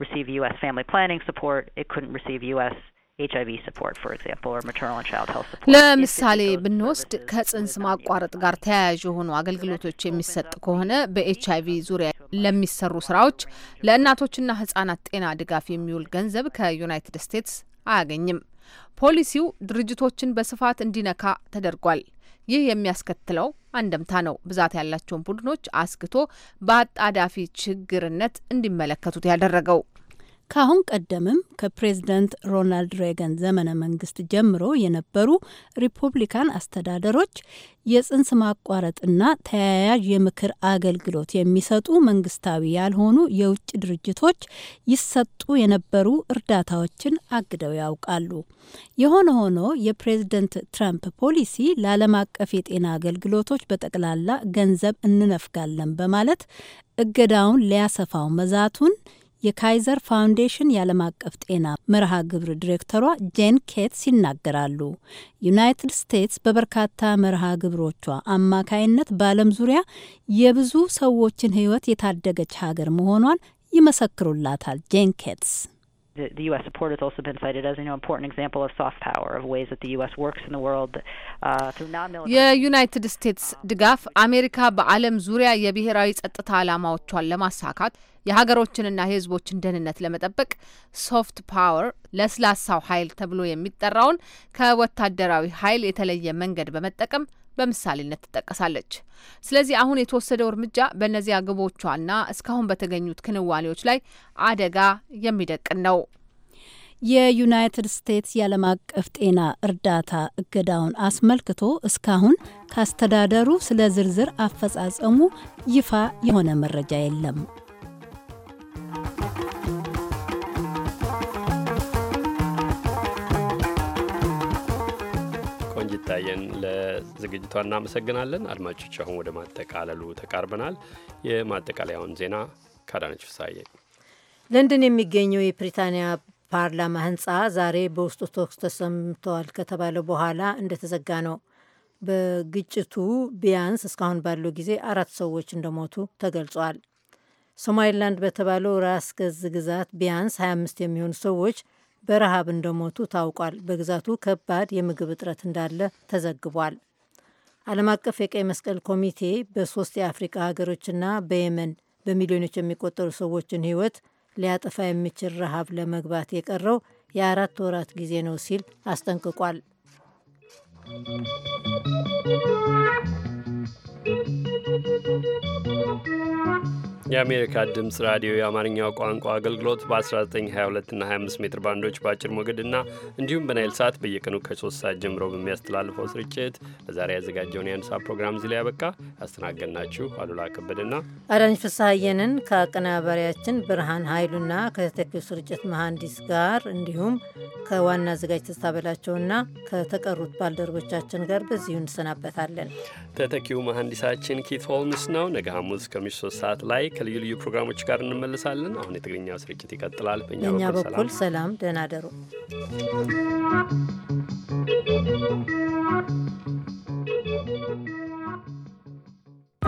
receive U.S. family planning support, it couldn't receive U.S. HIV support, ለምሳሌ ብንወስድ ከጽንስ ማቋረጥ ጋር ተያያዥ የሆኑ አገልግሎቶች የሚሰጥ ከሆነ በኤችአይቪ ዙሪያ ለሚሰሩ ስራዎች ለእናቶችና ህጻናት ጤና ድጋፍ የሚውል ገንዘብ ከዩናይትድ ስቴትስ አያገኝም። ፖሊሲው ድርጅቶችን በስፋት እንዲነካ ተደርጓል። ይህ የሚያስከትለው አንደምታ ነው ብዛት ያላቸውን ቡድኖች አስግቶ በአጣዳፊ ችግርነት እንዲመለከቱት ያደረገው። ከአሁን ቀደምም ከፕሬዝደንት ሮናልድ ሬገን ዘመነ መንግስት ጀምሮ የነበሩ ሪፑብሊካን አስተዳደሮች የጽንስ ማቋረጥና ተያያዥ የምክር አገልግሎት የሚሰጡ መንግስታዊ ያልሆኑ የውጭ ድርጅቶች ይሰጡ የነበሩ እርዳታዎችን አግደው ያውቃሉ። የሆነ ሆኖ የፕሬዝደንት ትራምፕ ፖሊሲ ለዓለም አቀፍ የጤና አገልግሎቶች በጠቅላላ ገንዘብ እንነፍጋለን በማለት እገዳውን ሊያሰፋው መዛቱን የካይዘር ፋውንዴሽን የዓለም አቀፍ ጤና መርሃ ግብር ዲሬክተሯ ጄን ኬትስ ይናገራሉ። ዩናይትድ ስቴትስ በበርካታ መርሃ ግብሮቿ አማካይነት በዓለም ዙሪያ የብዙ ሰዎችን ሕይወት የታደገች ሀገር መሆኗን ይመሰክሩላታል ጄን ኬትስ the, the U.S. support has also been cited as you know important example of soft power of ways that the U.S. works in the world uh, through non-military. Yeah, የዩናይትድ ስቴትስ ድጋፍ አሜሪካ በዓለም ዙሪያ የብሔራዊ ጸጥታ ዓላማዎቿን ለማሳካት የሀገሮችንና የሕዝቦችን ደህንነት ለመጠበቅ ሶፍት ፓወር ለስላሳው ኃይል ተብሎ የሚጠራውን ከወታደራዊ ኃይል የተለየ መንገድ በመጠቀም በምሳሌነት ትጠቀሳለች። ስለዚህ አሁን የተወሰደው እርምጃ በእነዚያ ግቦቿና እስካሁን በተገኙት ክንዋኔዎች ላይ አደጋ የሚደቅን ነው። የዩናይትድ ስቴትስ የዓለም አቀፍ ጤና እርዳታ እገዳውን አስመልክቶ እስካሁን ከአስተዳደሩ ስለ ዝርዝር አፈጻጸሙ ይፋ የሆነ መረጃ የለም። ታየን ለዝግጅቷ እናመሰግናለን። አድማጮች አሁን ወደ ማጠቃለሉ ተቃርበናል። የማጠቃለያውን ዜና ካዳነች ፍሳዬ። ለንደን የሚገኘው የብሪታንያ ፓርላማ ህንፃ ዛሬ በውስጡ ተኩስ ተሰምተዋል ከተባለ በኋላ እንደተዘጋ ነው። በግጭቱ ቢያንስ እስካሁን ባለው ጊዜ አራት ሰዎች እንደሞቱ ተገልጿል። ሶማሊላንድ በተባለው ራስ ገዝ ግዛት ቢያንስ 25 የሚሆኑ ሰዎች በረሃብ እንደሞቱ ታውቋል። በግዛቱ ከባድ የምግብ እጥረት እንዳለ ተዘግቧል። ዓለም አቀፍ የቀይ መስቀል ኮሚቴ በሶስት የአፍሪካ ሀገሮችና በየመን በሚሊዮኖች የሚቆጠሩ ሰዎችን ሕይወት ሊያጠፋ የሚችል ረሃብ ለመግባት የቀረው የአራት ወራት ጊዜ ነው ሲል አስጠንቅቋል። የአሜሪካ ድምፅ ራዲዮ የአማርኛው ቋንቋ አገልግሎት በ1922 እና 25 ሜትር ባንዶች በአጭር ሞገድና እንዲሁም በናይል ሰዓት በየቀኑ ከ3 ሰዓት ጀምሮ በሚያስተላልፈው ስርጭት በዛሬ ያዘጋጀውን የአንሳ ፕሮግራም እዚህ ላይ ያበቃ። ያስተናገድናችሁ አሉላ ከበደና አዳነች ፍስሐየንን ከአቀናባሪያችን ብርሃን ኃይሉና ከተተኪው ስርጭት መሐንዲስ ጋር እንዲሁም ከዋና አዘጋጅ ተስታበላቸውና ከተቀሩት ባልደረቦቻችን ጋር በዚሁ እንሰናበታለን። ተተኪው መሐንዲሳችን ኪት ሆልምስ ነው። ነገ ሐሙስ ከምሽቱ ሶስት ሰዓት ላይ ከልዩ ልዩ ፕሮግራሞች ጋር እንመልሳለን። አሁን የትግርኛው ስርጭት ይቀጥላል። በእኛ በኩል ሰላም፣ ደህና ደሩ።